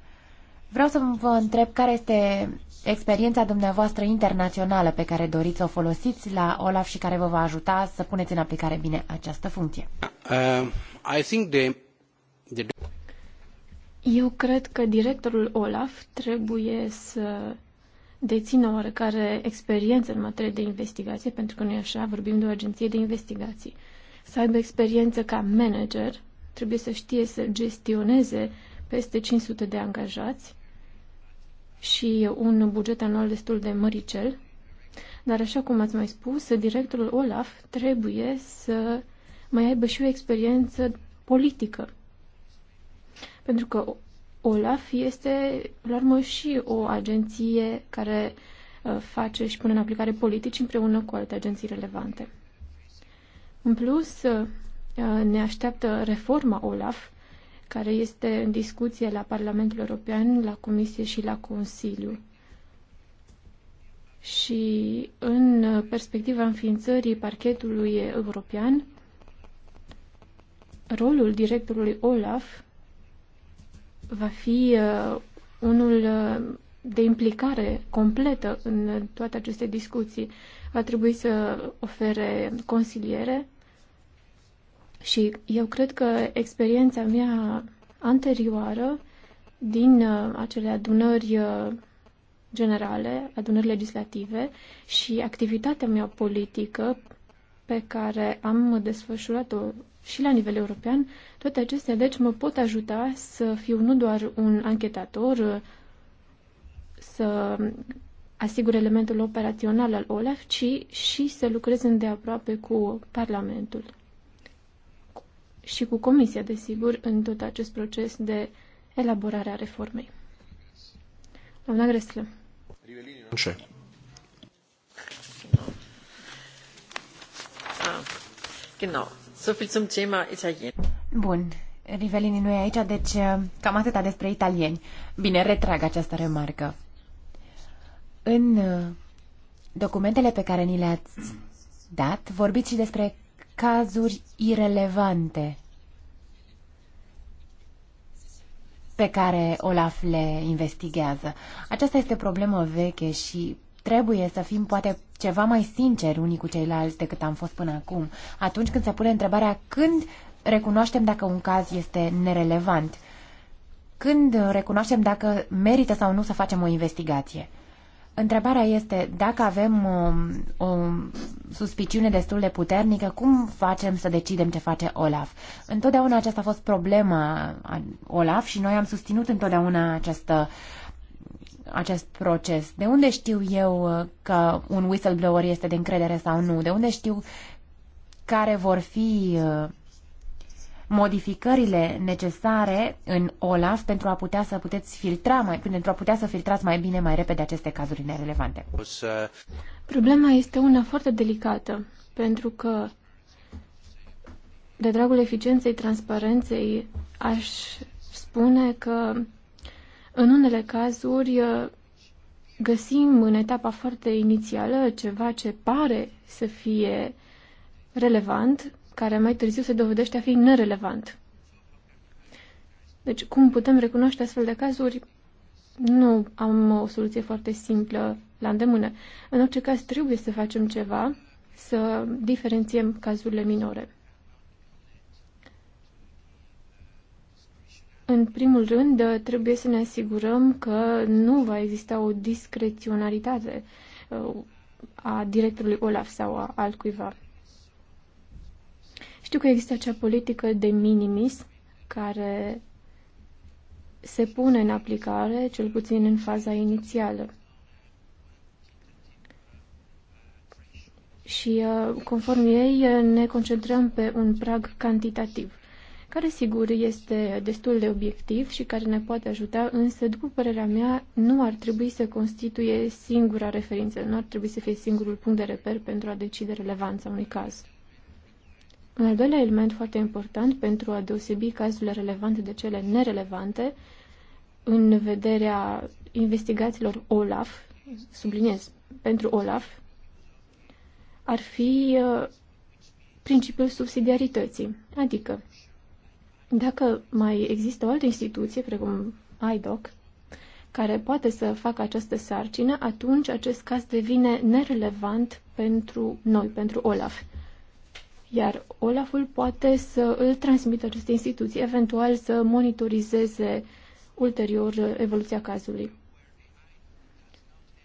Vreau să vă întreb care este experiența dumneavoastră internațională pe care doriți să o folosiți la OLAF și care vă va ajuta să puneți în aplicare bine această funcție. Uh, I think the, the... Eu cred că directorul OLAF trebuie să dețină oarecare experiență în materie de investigație, pentru că noi așa vorbim de o agenție de investigații. Să aibă experiență ca manager, trebuie să știe să gestioneze peste 500 de angajați, și un buget anual destul de măricel, dar așa cum ați mai spus, directorul Olaf trebuie să mai aibă și o experiență politică. Pentru că Olaf este, la urmă, și o agenție care uh, face și pune în aplicare politici împreună cu alte agenții relevante. În plus, uh, ne așteaptă reforma Olaf, care este în discuție la Parlamentul European, la Comisie și la Consiliu. Și în perspectiva înființării parchetului european, rolul directorului Olaf va fi uh, unul uh, de implicare completă în toate aceste discuții. Va trebui să ofere consiliere, și eu cred că experiența mea anterioară din uh, acele adunări uh, generale, adunări legislative și activitatea mea politică pe care am desfășurat-o și la nivel european, toate acestea, deci, mă pot ajuta să fiu nu doar un anchetator, uh, să asigur elementul operațional al OLAF, ci și să lucrez îndeaproape cu Parlamentul și cu Comisia, desigur, în tot acest proces de elaborare a reformei. Doamna Gresle. Ce? Ah, genau. zum Bun. Rivelini nu e aici, deci eh, cam atâta despre italieni. Bine, retrag această remarcă. În eh, documentele pe care ni le-ați dat, vorbiți și despre cazuri irelevante pe care Olaf le investigează. Aceasta este o problemă veche și trebuie să fim poate ceva mai sinceri unii cu ceilalți decât am fost până acum, atunci când se pune întrebarea când recunoaștem dacă un caz este nerelevant, când recunoaștem dacă merită sau nu să facem o investigație. Întrebarea este, dacă avem o, um, o suspiciune destul de puternică, cum facem să decidem ce face Olaf? Întotdeauna aceasta a fost problema Olaf și noi am susținut întotdeauna această, acest proces. De unde știu eu uh, că un whistleblower este de încredere sau nu? De unde știu care vor fi uh, modificările necesare în OLAF pentru a putea să puteți filtra mai, pentru a putea să filtrați mai bine, mai repede aceste cazuri nerelevante? Problema este una foarte delicată, pentru că de dragul eficienței, transparenței, aș spune că în unele cazuri uh, găsim în etapa foarte inițială ceva ce pare să fie relevant, care mai târziu se dovedește a fi nerelevant. Deci, cum putem recunoaște astfel de cazuri? Nu am o soluție foarte simplă la îndemână. În orice caz, trebuie să facem ceva, să diferențiem cazurile minore. În primul rând, trebuie să ne asigurăm că nu va exista o discreționalitate uh, a directorului Olaf sau a altcuiva. Știu că există acea politică de minimis care se pune în aplicare, cel puțin în faza inițială. Și uh, conform ei uh, ne concentrăm pe un prag cantitativ, care sigur este destul de obiectiv și care ne poate ajuta, însă, după părerea mea, nu ar trebui să constituie singura referință, nu ar trebui să fie singurul punct de reper pentru a decide relevanța unui caz. Un al doilea element foarte important pentru a deosebi cazurile relevante de cele nerelevante, în vederea investigațiilor OLAF, subliniez, pentru OLAF, ar fi uh, principiul subsidiarității. Adică, dacă mai există o altă instituție, precum IDOC, care poate să facă această sarcină, atunci acest caz devine nerelevant pentru noi, pentru OLAF iar Olaful poate să îl transmită aceste instituții, eventual să monitorizeze ulterior evoluția cazului.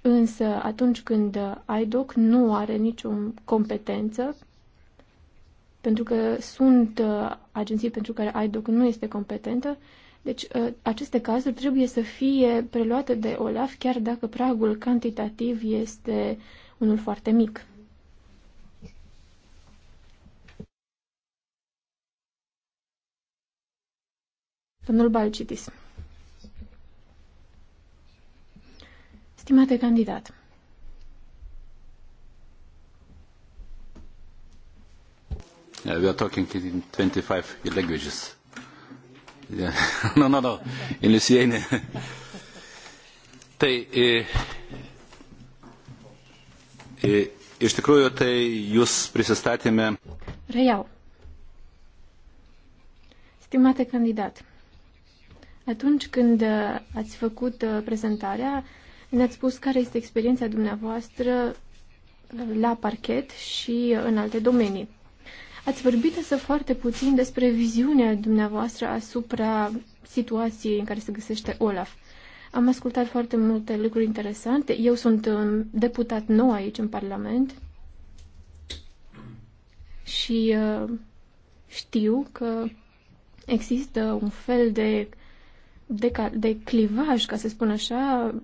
Însă, atunci când IDOC nu are nicio competență, pentru că sunt uh, agenții pentru care IDOC nu este competentă, deci uh, aceste cazuri trebuie să fie preluate de OLAF, chiar dacă pragul cantitativ este unul foarte mic. Domnul Balcitis. Stimate candidat, Yeah, we are talking in 25 languages. Yeah. no, no, no, in Lithuania. tai, e, e, iš tikrųjų, tai jūs prisistatėme. Reiau. Stimate candidat. Atunci când uh, ați făcut uh, prezentarea, ne-ați spus care este experiența dumneavoastră uh, la parchet și în alte domenii. Ați vorbit însă foarte puțin despre viziunea dumneavoastră asupra situației în care se găsește Olaf. Am ascultat foarte multe lucruri interesante. Eu sunt um, deputat nou aici în Parlament și știu că există un fel de de, de clivaj, ca să spun așa,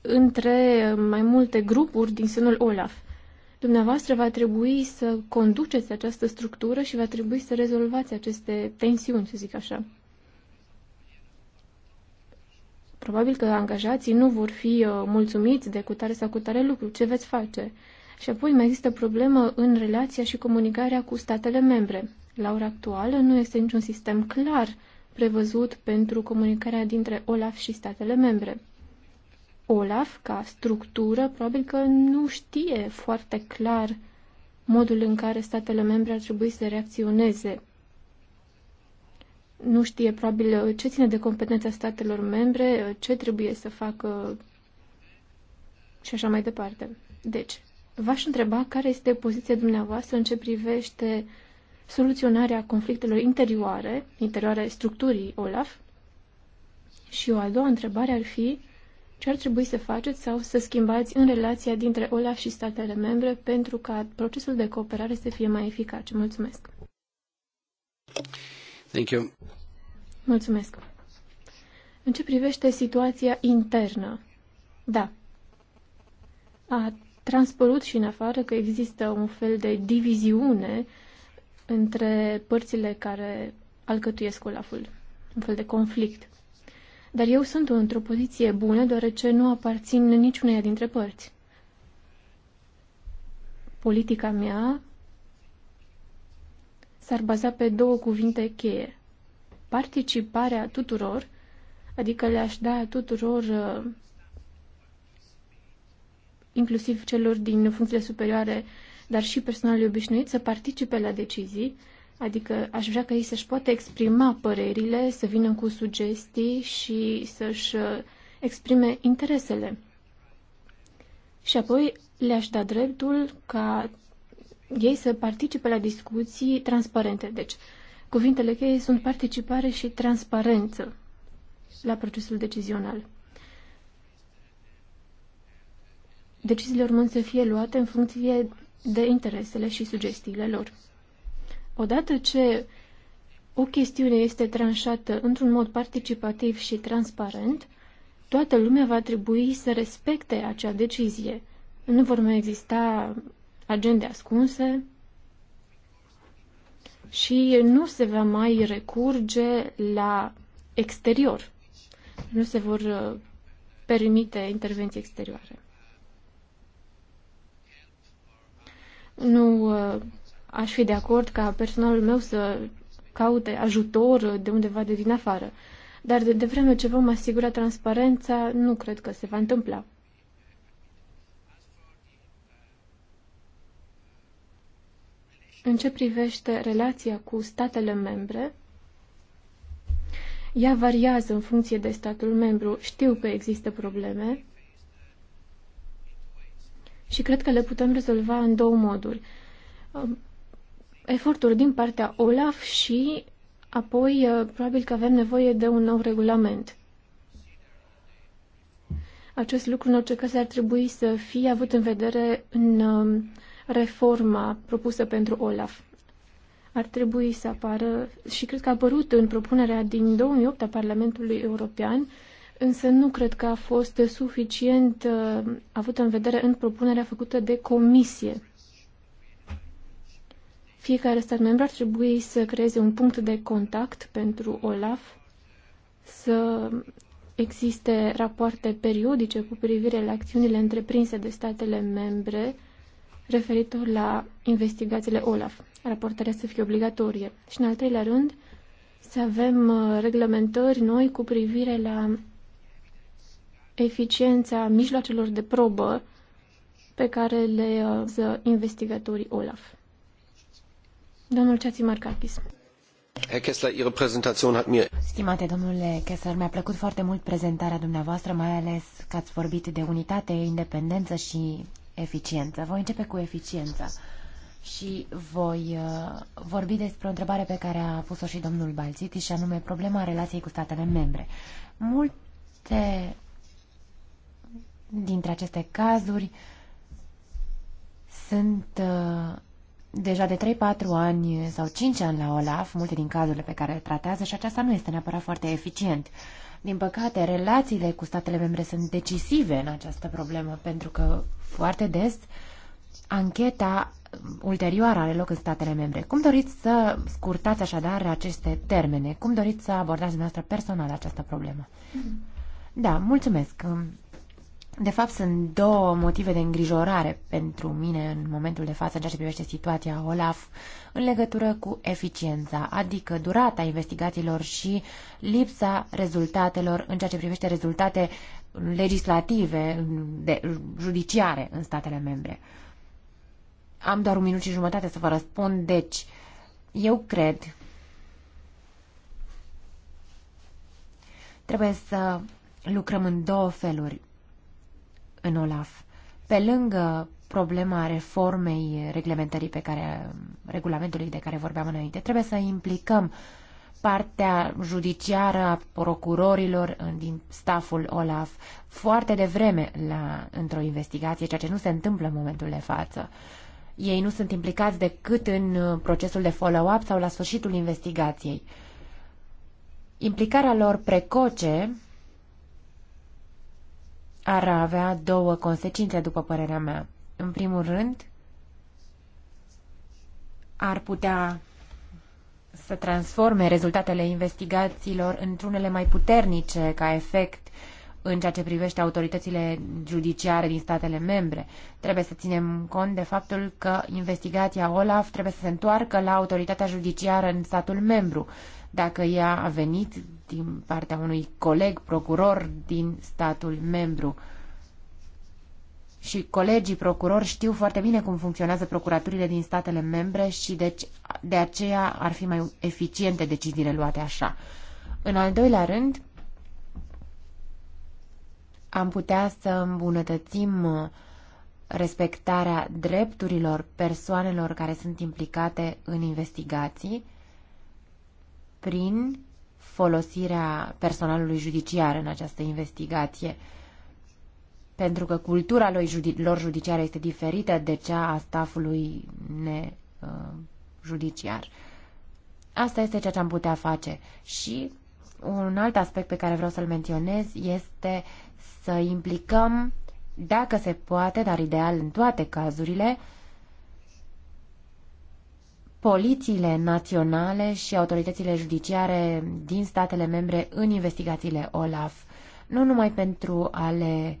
între mai multe grupuri din sânul OLAF. Dumneavoastră va trebui să conduceți această structură și va trebui să rezolvați aceste tensiuni, să zic așa. Probabil că angajații nu vor fi uh, mulțumiți de cutare sau cutare lucru. Ce veți face? Și apoi mai există problemă în relația și comunicarea cu statele membre. La ora actuală nu este niciun sistem clar prevăzut pentru comunicarea dintre OLAF și statele membre. OLAF, ca structură, probabil că nu știe foarte clar modul în care statele membre ar trebui să reacționeze. Nu știe probabil ce ține de competența statelor membre, ce trebuie să facă și așa mai departe. Deci, v-aș întreba care este poziția dumneavoastră în ce privește uh, soluționarea conflictelor interioare, interioare structurii OLAF. Și o a doua întrebare ar fi ce ar trebui să faceți sau să schimbați în relația dintre OLAF și statele membre pentru ca procesul de cooperare să fie mai eficace. Mulțumesc! Thank you. Mulțumesc! În ce privește situația internă, da, a transpărut și în afară că există un fel de diviziune între părțile care alcătuiesc Olaful, un fel de conflict. Dar eu sunt într-o poziție bună, deoarece nu aparțin niciunei dintre părți. Politica mea s-ar baza pe două cuvinte cheie. Participarea tuturor, adică le-aș da tuturor, uh, inclusiv celor din funcțiile superioare, dar și personalul obișnuit să participe la decizii, adică aș vrea ca ei să-și poată exprima părerile, să vină cu sugestii și să-și uh, exprime interesele. Și apoi le-aș da dreptul ca ei să participe la discuții transparente. Deci, cuvintele cheie sunt participare și transparență la procesul decizional. Deciziile urmând să fie luate în funcție de interesele și sugestiile lor. Odată ce o chestiune este tranșată într-un mod participativ și transparent, toată lumea va trebui să respecte acea decizie. Nu vor mai exista agende ascunse și nu se va mai recurge la exterior. Nu se vor uh, permite intervenții exterioare. Nu uh, aș fi de acord ca personalul meu să caute ajutor de undeva de din afară. Dar de, de vreme ce vom asigura transparența, nu cred că se va întâmpla. În ce privește relația cu statele membre, ea variază în funcție de statul membru. Știu că există probleme și cred că le putem rezolva în două moduri. Um, eforturi din partea OLAF și apoi uh, probabil că avem nevoie de un nou regulament. Acest lucru, în orice caz, ar trebui să fie avut în vedere în um, reforma propusă pentru OLAF. Ar trebui să apară, și cred că a apărut în propunerea din 2008 a Parlamentului European, însă nu cred că a fost suficient uh, avut în vedere în propunerea făcută de comisie. Fiecare stat membru ar trebui să creeze un punct de contact pentru OLAF, să existe rapoarte periodice cu privire la acțiunile întreprinse de statele membre referitor la investigațiile OLAF. Raportarea să fie obligatorie. Și în al treilea rând, să avem uh, reglementări noi cu privire la eficiența mijloacelor de probă pe care le ză uh, investigatorii Olaf. Domnul Ceații Marcachis. Stimate domnule Kessler, mi-a plăcut foarte mult prezentarea dumneavoastră, mai ales că ați vorbit de unitate, independență și eficiență. Voi începe cu eficiența și voi uh, vorbi despre o întrebare pe care a pus-o și domnul Balziti și anume problema relației cu statele membre. Multe dintre aceste cazuri sunt uh, deja de 3-4 ani sau 5 ani la OLAF, multe din cazurile pe care le tratează și aceasta nu este neapărat foarte eficient. Din păcate, relațiile cu statele membre sunt decisive în această problemă, pentru că foarte des ancheta ulterioară are loc în statele membre. Cum doriți să scurtați așadar aceste termene? Cum doriți să abordați dumneavoastră personal această problemă? Mm-hmm. Da, mulțumesc. De fapt, sunt două motive de îngrijorare pentru mine în momentul de față în ceea ce privește situația OLAF în legătură cu eficiența, adică durata investigațiilor și lipsa rezultatelor în ceea ce privește rezultate legislative, de, judiciare în statele membre. Am doar un minut și jumătate să vă răspund, deci eu cred trebuie să lucrăm în două feluri în OLAF. Pe lângă problema reformei reglementării pe care, regulamentului de care vorbeam înainte, trebuie să implicăm partea judiciară a procurorilor uh, din staful OLAF foarte devreme la, într-o investigație, ceea ce nu se întâmplă în momentul de față. Ei nu sunt implicați decât în uh, procesul de follow-up sau la sfârșitul investigației. Implicarea lor precoce ar avea două consecințe, după părerea mea. În primul rând, ar putea să transforme rezultatele investigațiilor într-unele mai puternice ca efect în ceea ce privește autoritățile judiciare din statele membre. Trebuie să ținem cont de faptul că investigația OLAF trebuie să se întoarcă la autoritatea judiciară în statul membru dacă ea a venit din partea unui coleg procuror din statul membru. Și colegii procurori știu foarte bine cum funcționează procuraturile din statele membre și deci de aceea ar fi mai eficiente deciziile luate așa. În al doilea rând, am putea să îmbunătățim uh, respectarea drepturilor persoanelor care sunt implicate în investigații prin folosirea personalului judiciar în această investigație. Pentru că cultura lor judiciară este diferită de cea a stafului nejudiciar. Uh, Asta este ceea ce am putea face. Și un alt aspect pe care vreau să-l menționez este să implicăm, dacă se poate, dar ideal în toate cazurile, uh, polițiile naționale și autoritățile judiciare din statele membre în investigațiile OLAF, nu numai pentru a le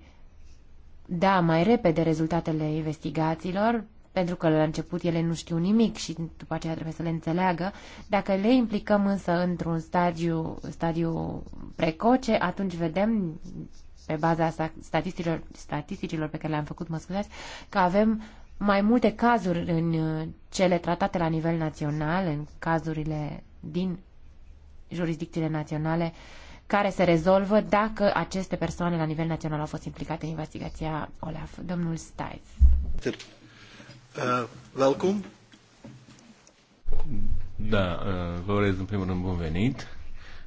da mai repede rezultatele investigațiilor, pentru că la început ele nu știu nimic și după aceea trebuie să le înțeleagă. Dacă le implicăm însă într-un stadiu, stadiu precoce, atunci vedem pe baza statisticilor, statisticilor pe care le-am făcut, mă scuzați, că avem mai multe cazuri în uh, cele tratate la nivel național, în cazurile din jurisdicțiile naționale, care se rezolvă dacă aceste persoane la nivel național au fost implicate în investigația OLAF. Domnul Staiz. Uh, welcome. Da, uh, vă urez în primul rând bun venit,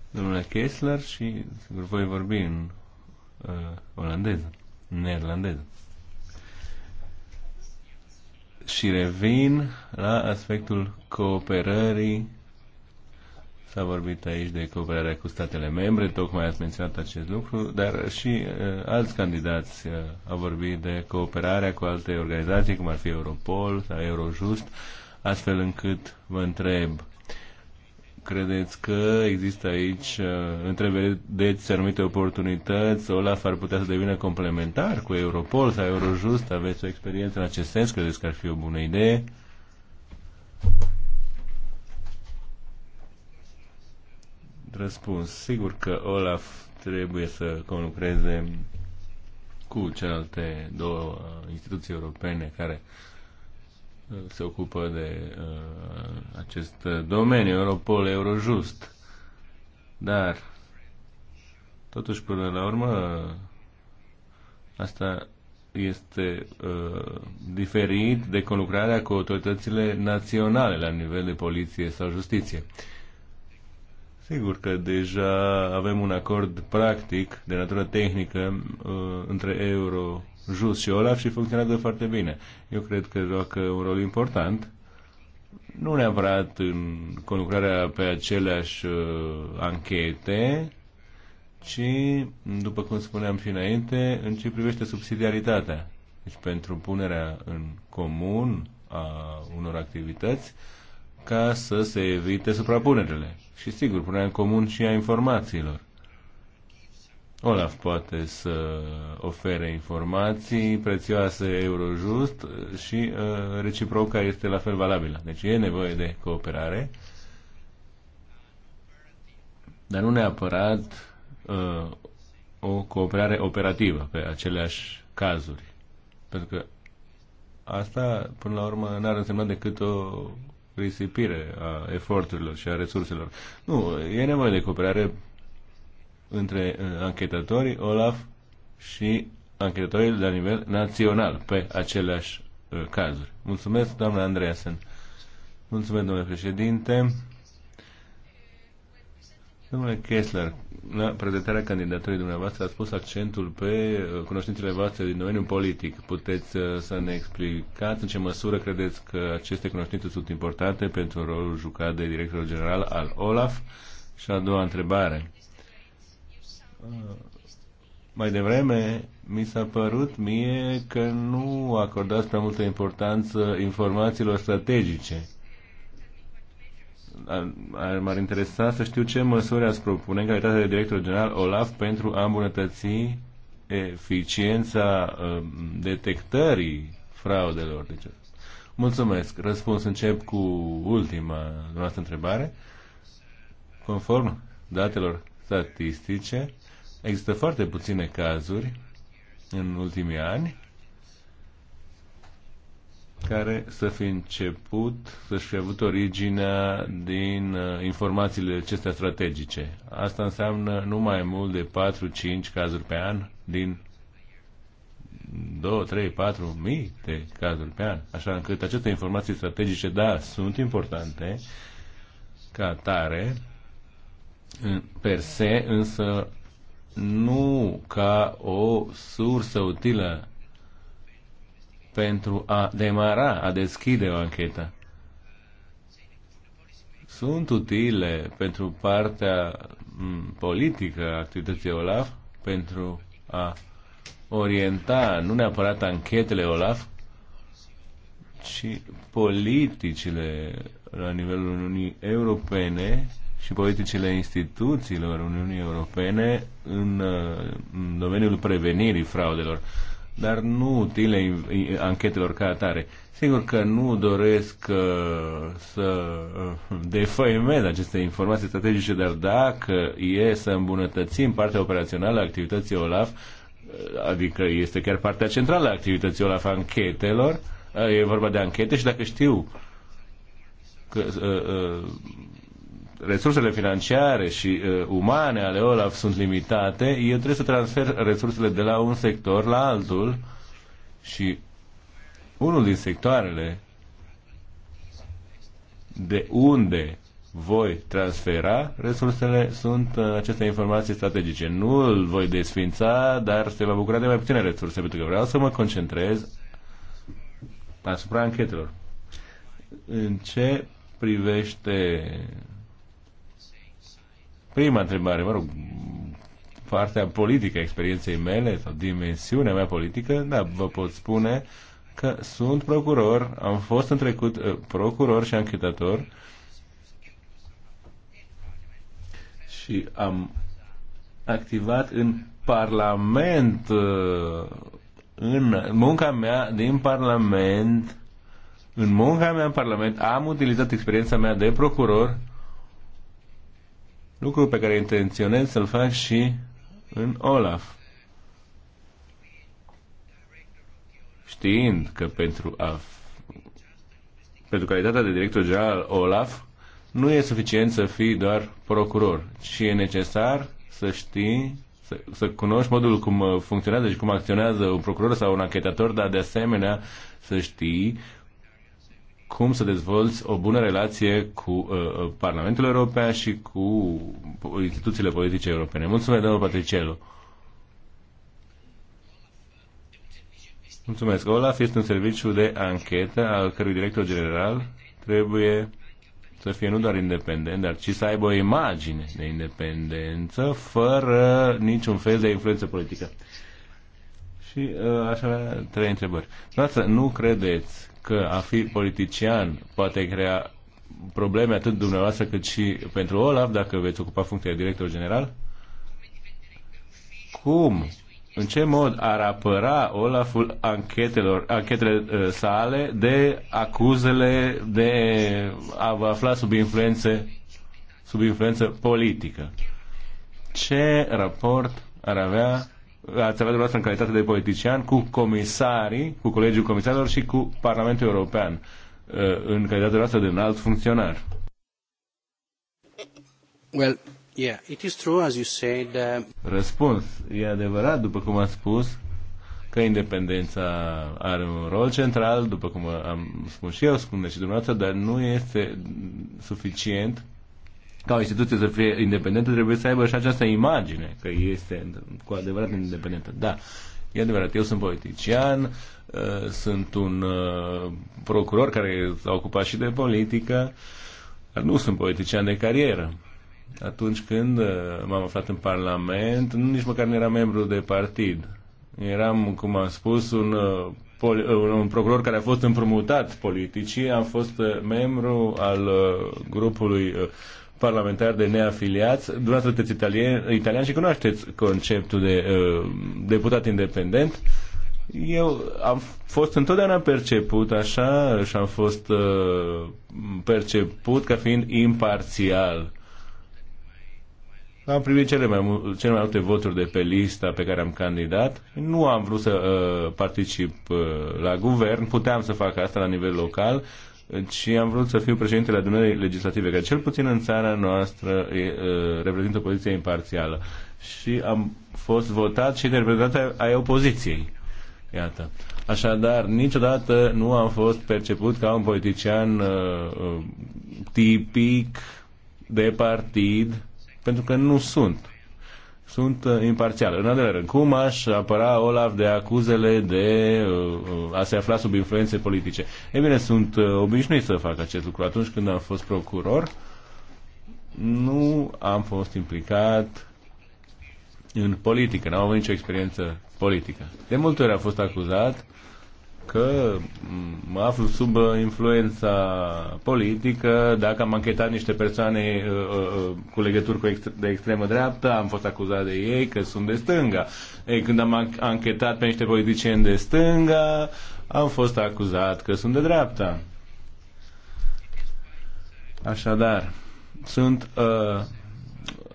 domnule Kessler, și sigur voi vorbi în uh, olandeză, neerlandeză și revin la aspectul cooperării. S-a vorbit aici de cooperarea cu statele membre, tocmai ați menționat acest lucru, dar și uh, alți candidați uh, au vorbit de cooperarea cu alte organizații, cum ar fi Europol sau Eurojust, astfel încât vă întreb credeți că există aici, uh, întrevedeți anumite oportunități, OLAF ar putea să devină complementar cu Europol sau Eurojust? Aveți o experiență în acest sens? Credeți că ar fi o bună idee? Răspuns. Sigur că OLAF trebuie să conlucreze cu celelalte două uh, instituții europene care se ocupă de uh, acest domeniu, Europol, Eurojust. Dar, totuși, până la urmă, asta este uh, diferit de conlucrarea cu autoritățile naționale la nivel de poliție sau justiție. Sigur că deja avem un acord practic de natură tehnică uh, între Euro jos și OLAF și funcționează foarte bine. Eu cred că joacă un rol important, nu neapărat în conlucrarea pe aceleași uh, anchete, ci, după cum spuneam și înainte, în ce privește subsidiaritatea. Deci pentru punerea în comun a unor activități ca să se evite suprapunerele. Și sigur, punerea în comun și a informațiilor. Olaf poate să ofere informații prețioase Eurojust și uh, reciproca este la fel valabilă. Deci e nevoie de cooperare, dar nu neapărat uh, o cooperare operativă pe aceleași cazuri. Pentru că asta, până la urmă, n-ar însemna decât o risipire a eforturilor și a resurselor. Nu, e nevoie de cooperare între uh, anchetatorii Olaf și anchetatorii la nivel național pe aceleași uh, cazuri. Mulțumesc, doamna Andreasen. Mulțumesc, domnule președinte. Domnule Kessler, la prezentarea candidatului dumneavoastră a spus accentul pe uh, cunoștințele voastre din domeniul politic. Puteți să ne explicați în ce măsură credeți că aceste cunoștințe sunt importante pentru rolul jucat de directorul general al OLAF? Și a doua întrebare. Uh, mai devreme, mi s-a părut mie că nu acordați prea multă importanță informațiilor strategice. Ar, m-ar interesa să știu ce măsuri ați propune în calitate de director general OLAF pentru a îmbunătăți eficiența uh, detectării fraudelor. Deci, mulțumesc. Răspuns încep cu ultima noastră întrebare. Conform datelor statistice, Există foarte puține cazuri în ultimii ani care să fi început, să-și fi avut originea din uh, informațiile acestea strategice. Asta înseamnă nu mai mult de 4-5 cazuri pe an din 2, 3, 4 mii de cazuri pe an. Așa încât aceste informații strategice, da, sunt importante ca tare per se, însă nu ca o sursă utilă pentru a demara, a deschide o anchetă. Sunt utile pentru partea politică a activității OLAF, pentru a orienta nu neapărat anchetele OLAF, ci politicile la nivelul Uniunii Europene și politicile instituțiilor Uniunii Europene în, uh, în domeniul prevenirii fraudelor, dar nu utile anchetelor ca atare. Sigur că nu doresc uh, să uh, defăimez aceste informații strategice, dar dacă e să îmbunătățim partea operațională a activității OLAF, adică este chiar partea centrală a activității OLAF, anchetelor, e vorba de anchete și dacă știu că uh, uh, resursele financiare și uh, umane ale OLAF sunt limitate, eu trebuie să transfer resursele de la un sector la altul și unul din sectoarele de unde voi transfera resursele sunt uh, aceste informații strategice. Nu îl voi desfința, dar se va bucura de mai puține resurse, pentru că vreau să mă concentrez asupra anchetelor. În ce privește Prima întrebare, mă rog, partea politică a experienței mele sau dimensiunea mea politică, da, vă pot spune că sunt procuror, am fost în trecut uh, procuror și anchetator și am activat în Parlament, uh, în munca mea din Parlament, în munca mea în Parlament am utilizat experiența mea de procuror uh, Lucru pe care intenționez să-l fac și în Olaf. Știind că pentru a pentru calitatea de director general Olaf, nu e suficient să fii doar procuror, ci e necesar să știi, să, să cunoști modul cum funcționează și cum acționează un procuror sau un achetator, dar de asemenea să știi cum să dezvolți o bună relație cu uh, uh, Parlamentul European și cu instituțiile politice europene. Mulțumesc, domnul Patriciello. Mulțumesc. Olaf este un serviciu de anchetă al cărui director general trebuie să fie nu doar independent, dar ci să aibă o imagine de independență fără niciun fel de influență politică. Și uh, așa trei întrebări. Noastră, nu credeți că a fi politician poate crea probleme atât dumneavoastră cât și pentru Olaf, dacă veți ocupa funcția de director general? Cum? În ce mod ar apăra Olaful anchetelor, anchetele uh, sale de acuzele de a vă afla sub influențe sub influență politică? Ce raport ar avea ați avea dumneavoastră în calitate de politician cu comisarii, cu colegiul comisarilor și cu Parlamentul European uh, în calitate dumneavoastră de înalt funcționar. Well, yeah, it is true, as you said, uh... Răspuns. E adevărat, după cum am spus, că independența are un rol central, după cum am spus și eu, spune și dumneavoastră, dar nu este suficient ca o instituție să fie independentă, trebuie să aibă și această imagine că este cu adevărat independentă. Da, e adevărat, eu sunt politician, uh, sunt un uh, procuror care s-a ocupat și de politică, dar nu sunt politician de carieră. Atunci când uh, m-am aflat în Parlament, nici măcar nu eram membru de partid. Eram, cum am spus, un un procuror care a fost împrumutat politicii, am fost membru al grupului parlamentar de neafiliați. Dumneavoastră sunteți italien, italian și cunoașteți conceptul de uh, deputat independent. Eu am fost întotdeauna perceput așa și am fost uh, perceput ca fiind imparțial. Am primit cele mai, cele mai multe voturi de pe lista pe care am candidat. Nu am vrut să uh, particip uh, la guvern, puteam să fac asta la nivel local, ci am vrut să fiu președintele adunării legislative, care cel puțin în țara noastră e, reprezintă o poziție imparțială. Și am fost votat și de reprezentant ai opoziției. Iată. Așadar, niciodată nu am fost perceput ca un politician uh, uh tipic de partid, pentru că nu sunt sunt uh, imparțiale. În al rând, cum aș apăra Olaf de acuzele de uh, a se afla sub influențe politice? Ei bine, sunt uh, obișnuit să fac acest lucru. Atunci când am fost procuror, nu am fost implicat în politică, n-am avut nicio experiență politică. De multe ori am fost acuzat că mă aflu sub uh, influența politică, dacă am anchetat niște persoane uh, uh, cu legături cu ext- de extremă dreaptă, am fost acuzat de ei că sunt de stânga. Ei, când am anchetat pe niște politicieni de stânga, am fost acuzat că sunt de dreapta. Așadar, sunt uh,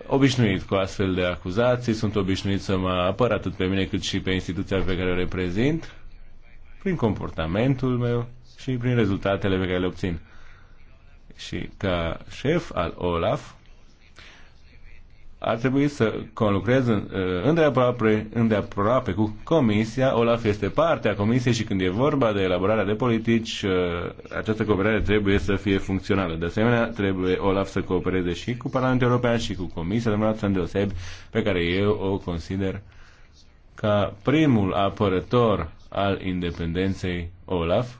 obișnuit cu astfel de acuzații, sunt obișnuit să mă apăr atât pe mine cât și pe instituția pe care o reprezint prin comportamentul meu și prin rezultatele pe care le obțin. Și ca șef al OLAF, ar trebui să conlucrez uh, îndeaproape, îndeaproape cu Comisia. Olaf este parte a Comisiei și când e vorba de elaborarea de politici, uh, această cooperare trebuie să fie funcțională. De asemenea, trebuie Olaf să coopereze și cu Parlamentul European și cu Comisia, de dumneavoastră îndeosebi, pe care eu o consider ca primul apărător al independenței OLAF,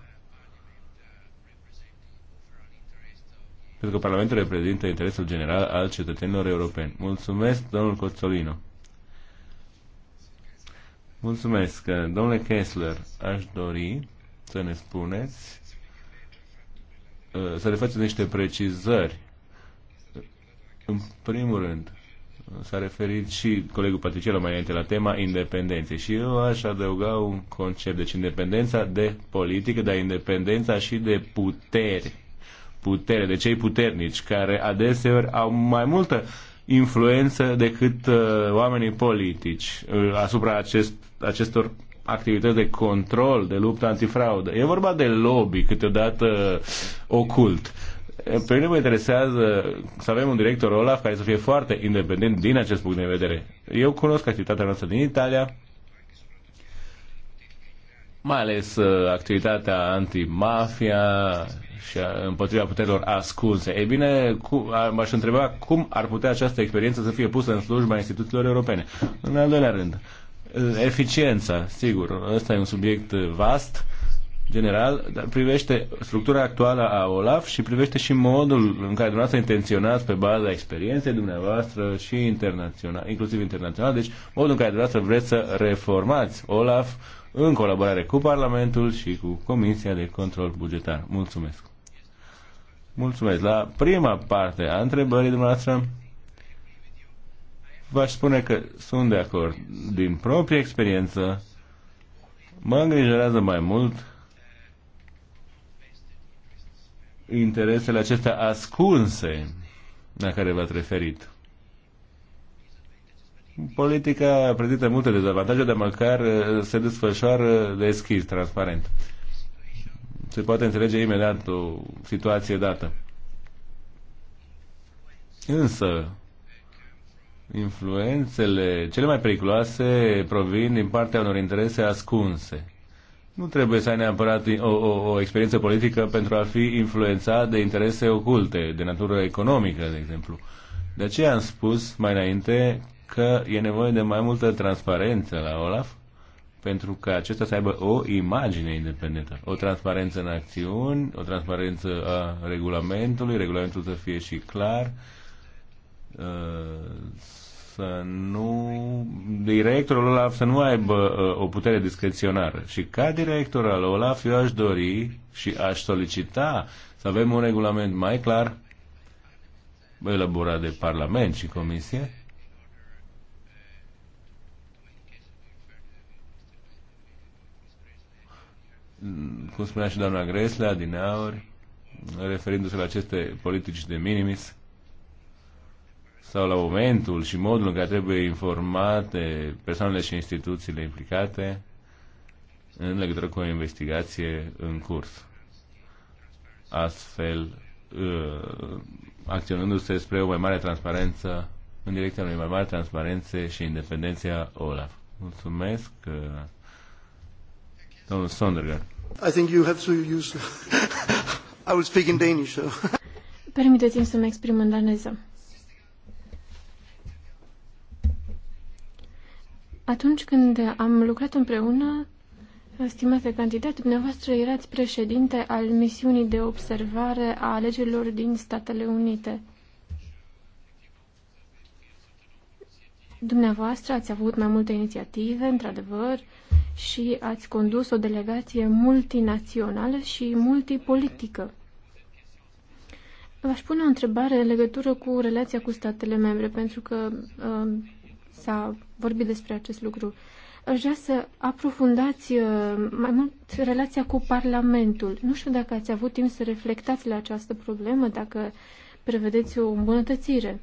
pentru că Parlamentul reprezintă interesul general al cetățenilor europeni. Mulțumesc, domnul Cozzolino. Mulțumesc. Domnule Kessler, aș dori să ne spuneți, să le faceți niște precizări. În primul rând, s-a referit și colegul Patricielo mai înainte la tema independenței și eu aș adăuga un concept, deci independența de politică, dar independența și de putere, putere, de cei puternici, care adeseori au mai multă influență decât uh, oamenii politici uh, asupra acest, acestor activități de control, de luptă antifraudă. E vorba de lobby, câteodată uh, ocult. Pe mine mă interesează să avem un director Olaf care să fie foarte independent din acest punct de vedere. Eu cunosc activitatea noastră din Italia, mai ales uh, activitatea antimafia și împotriva puterilor ascunse. Ei bine, m-aș întreba cum ar putea această experiență să fie pusă în slujba instituțiilor europene. În al doilea rând, uh, eficiența, sigur, ăsta e un subiect uh, vast general, dar privește structura actuală a OLAF și privește și modul în care dumneavoastră intenționați pe baza experienței dumneavoastră și internațional, inclusiv internațional, deci modul în care dumneavoastră vreți să reformați OLAF în colaborare cu Parlamentul și cu Comisia de Control Bugetar. Mulțumesc! Mulțumesc! La prima parte a întrebării dumneavoastră v-aș spune că sunt de acord. Din proprie experiență mă îngrijorează mai mult interesele acestea ascunse la care v-ați referit. Politica prezintă multe dezavantaje, dar măcar uh, se desfășoară deschis, transparent. Se poate înțelege imediat o situație dată. Însă, influențele cele mai periculoase provin din partea unor interese ascunse nu trebuie să ai neapărat o, o, o experiență politică pentru a fi influențat de interese oculte, de natură economică, de exemplu. De aceea am spus mai înainte că e nevoie de mai multă transparență la Olaf pentru că acesta să aibă o imagine independentă, o transparență în acțiuni, o transparență a regulamentului, regulamentul să fie și clar, uh, să nu, directorul Olaf să nu aibă uh, o putere discreționară. Și ca director al Olaf eu aș dori și aș solicita să avem un regulament mai clar elaborat de Parlament și Comisie cum spunea și doamna Greslea din aur, referindu-se la aceste politici de minimis, sau la momentul și modul în care trebuie informate persoanele și instituțiile implicate în legătură cu o investigație în curs. Astfel, uh, acționându-se spre o mai mare transparență, în direcția unei mai mari transparențe și independenția OLAF. Mulțumesc, uh, domnul Sondergaard. I think you have to use... I will speak in Danish, so... Permiteți-mi să mi exprim în daneză. Atunci când am lucrat împreună, stimate candidat, dumneavoastră erați președinte al misiunii de observare a alegerilor din Statele Unite. Dumneavoastră ați avut mai multe inițiative, într-adevăr, și ați condus o delegație multinațională și multipolitică. V-aș pune o întrebare în legătură cu relația cu statele membre, pentru că uh, s-a vorbit despre acest lucru. Aș vrea să aprofundați uh, mai mult relația cu Parlamentul. Nu știu dacă ați avut timp să reflectați la această problemă, dacă prevedeți o îmbunătățire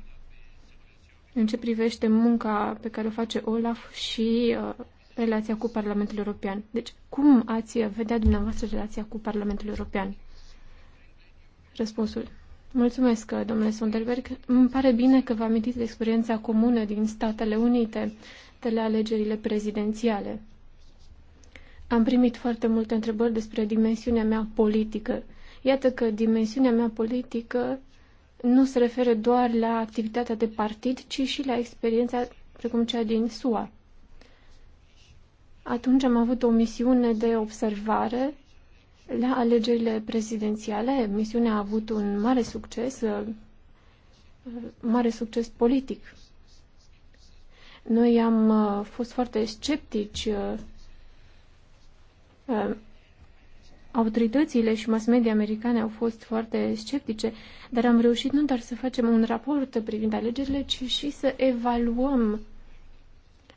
în ce privește munca pe care o face Olaf și uh, relația cu Parlamentul European. Deci, cum ați vedea dumneavoastră relația cu Parlamentul European? Răspunsul. Mulțumesc, domnule Sonderberg. Îmi pare bine că vă amintiți de experiența comună din Statele Unite de la alegerile prezidențiale. Am primit foarte multe întrebări despre dimensiunea mea politică. Iată că dimensiunea mea politică nu se referă doar la activitatea de partid, ci și la experiența precum cea din SUA. Atunci am avut o misiune de observare la alegerile prezidențiale, misiunea a avut un mare succes, uh, mare succes politic. Noi am uh, fost foarte sceptici. Uh, autoritățile și mass media americane au fost foarte sceptice, dar am reușit nu doar să facem un raport privind alegerile, ci și să evaluăm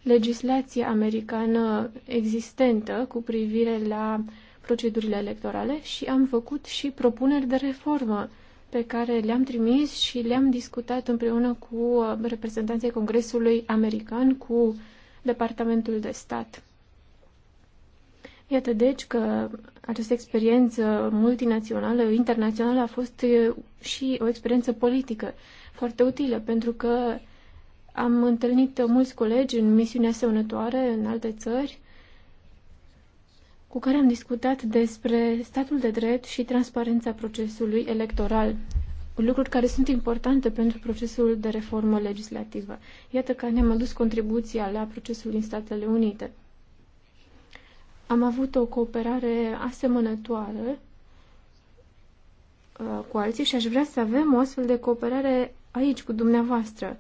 legislația americană existentă cu privire la uh, procedurile electorale și am făcut și propuneri de reformă pe care le-am trimis și le-am discutat împreună cu uh, reprezentanții Congresului American, cu Departamentul de Stat. Iată deci că această experiență multinațională, internațională, a fost uh, și o experiență politică foarte utilă, pentru că am întâlnit mulți colegi în misiuni asemănătoare în alte țări cu care am discutat despre statul de drept și transparența procesului electoral, lucruri care sunt importante pentru procesul de reformă legislativă. Iată că ne-am adus contribuția la procesul din Statele Unite. Am avut o cooperare asemănătoare uh, cu alții și aș vrea să avem o astfel de cooperare aici, cu dumneavoastră.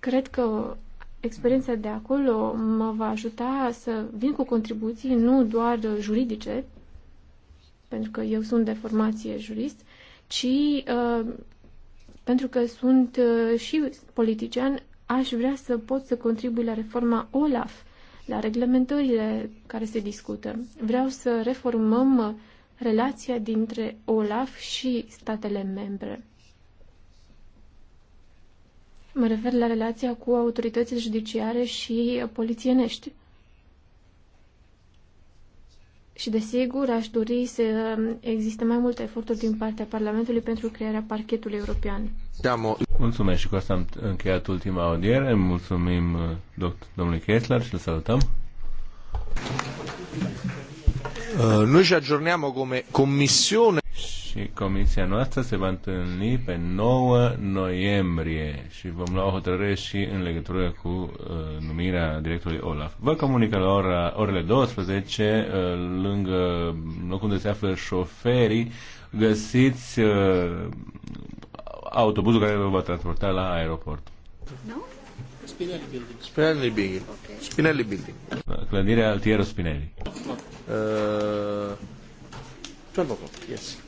Cred că experiența de acolo mă va ajuta să vin cu contribuții nu doar juridice, pentru că eu sunt de formație jurist, ci uh, pentru că sunt uh, și politician, aș vrea să pot să contribui la reforma OLAF, la reglementările care se discută. Vreau să reformăm relația dintre OLAF și statele membre. Mă refer la relația cu autoritățile judiciare și polițienești. Și desigur, aș dori să existe mai multe eforturi din partea Parlamentului pentru crearea parchetului european. Mulțumesc și cu asta am încheiat ultima audiere. Mulțumim domnului Kessler și îl salutăm. Uh, noi ci aggiorniamo come commissione și comisia noastră se va întâlni pe 9 noiembrie și vom lua o hotărâre și în legătură cu uh, numirea directorului Olaf. Vă comunică la ora, orele 12, uh, lângă locul unde se află șoferii, găsiți uh, autobuzul care vă va transporta la aeroport. No? Spinelli Building. Spinelli Building. Okay. Spinelli Building. Clădirea Altiero Spinelli. Uh, 12 o'clock, yes.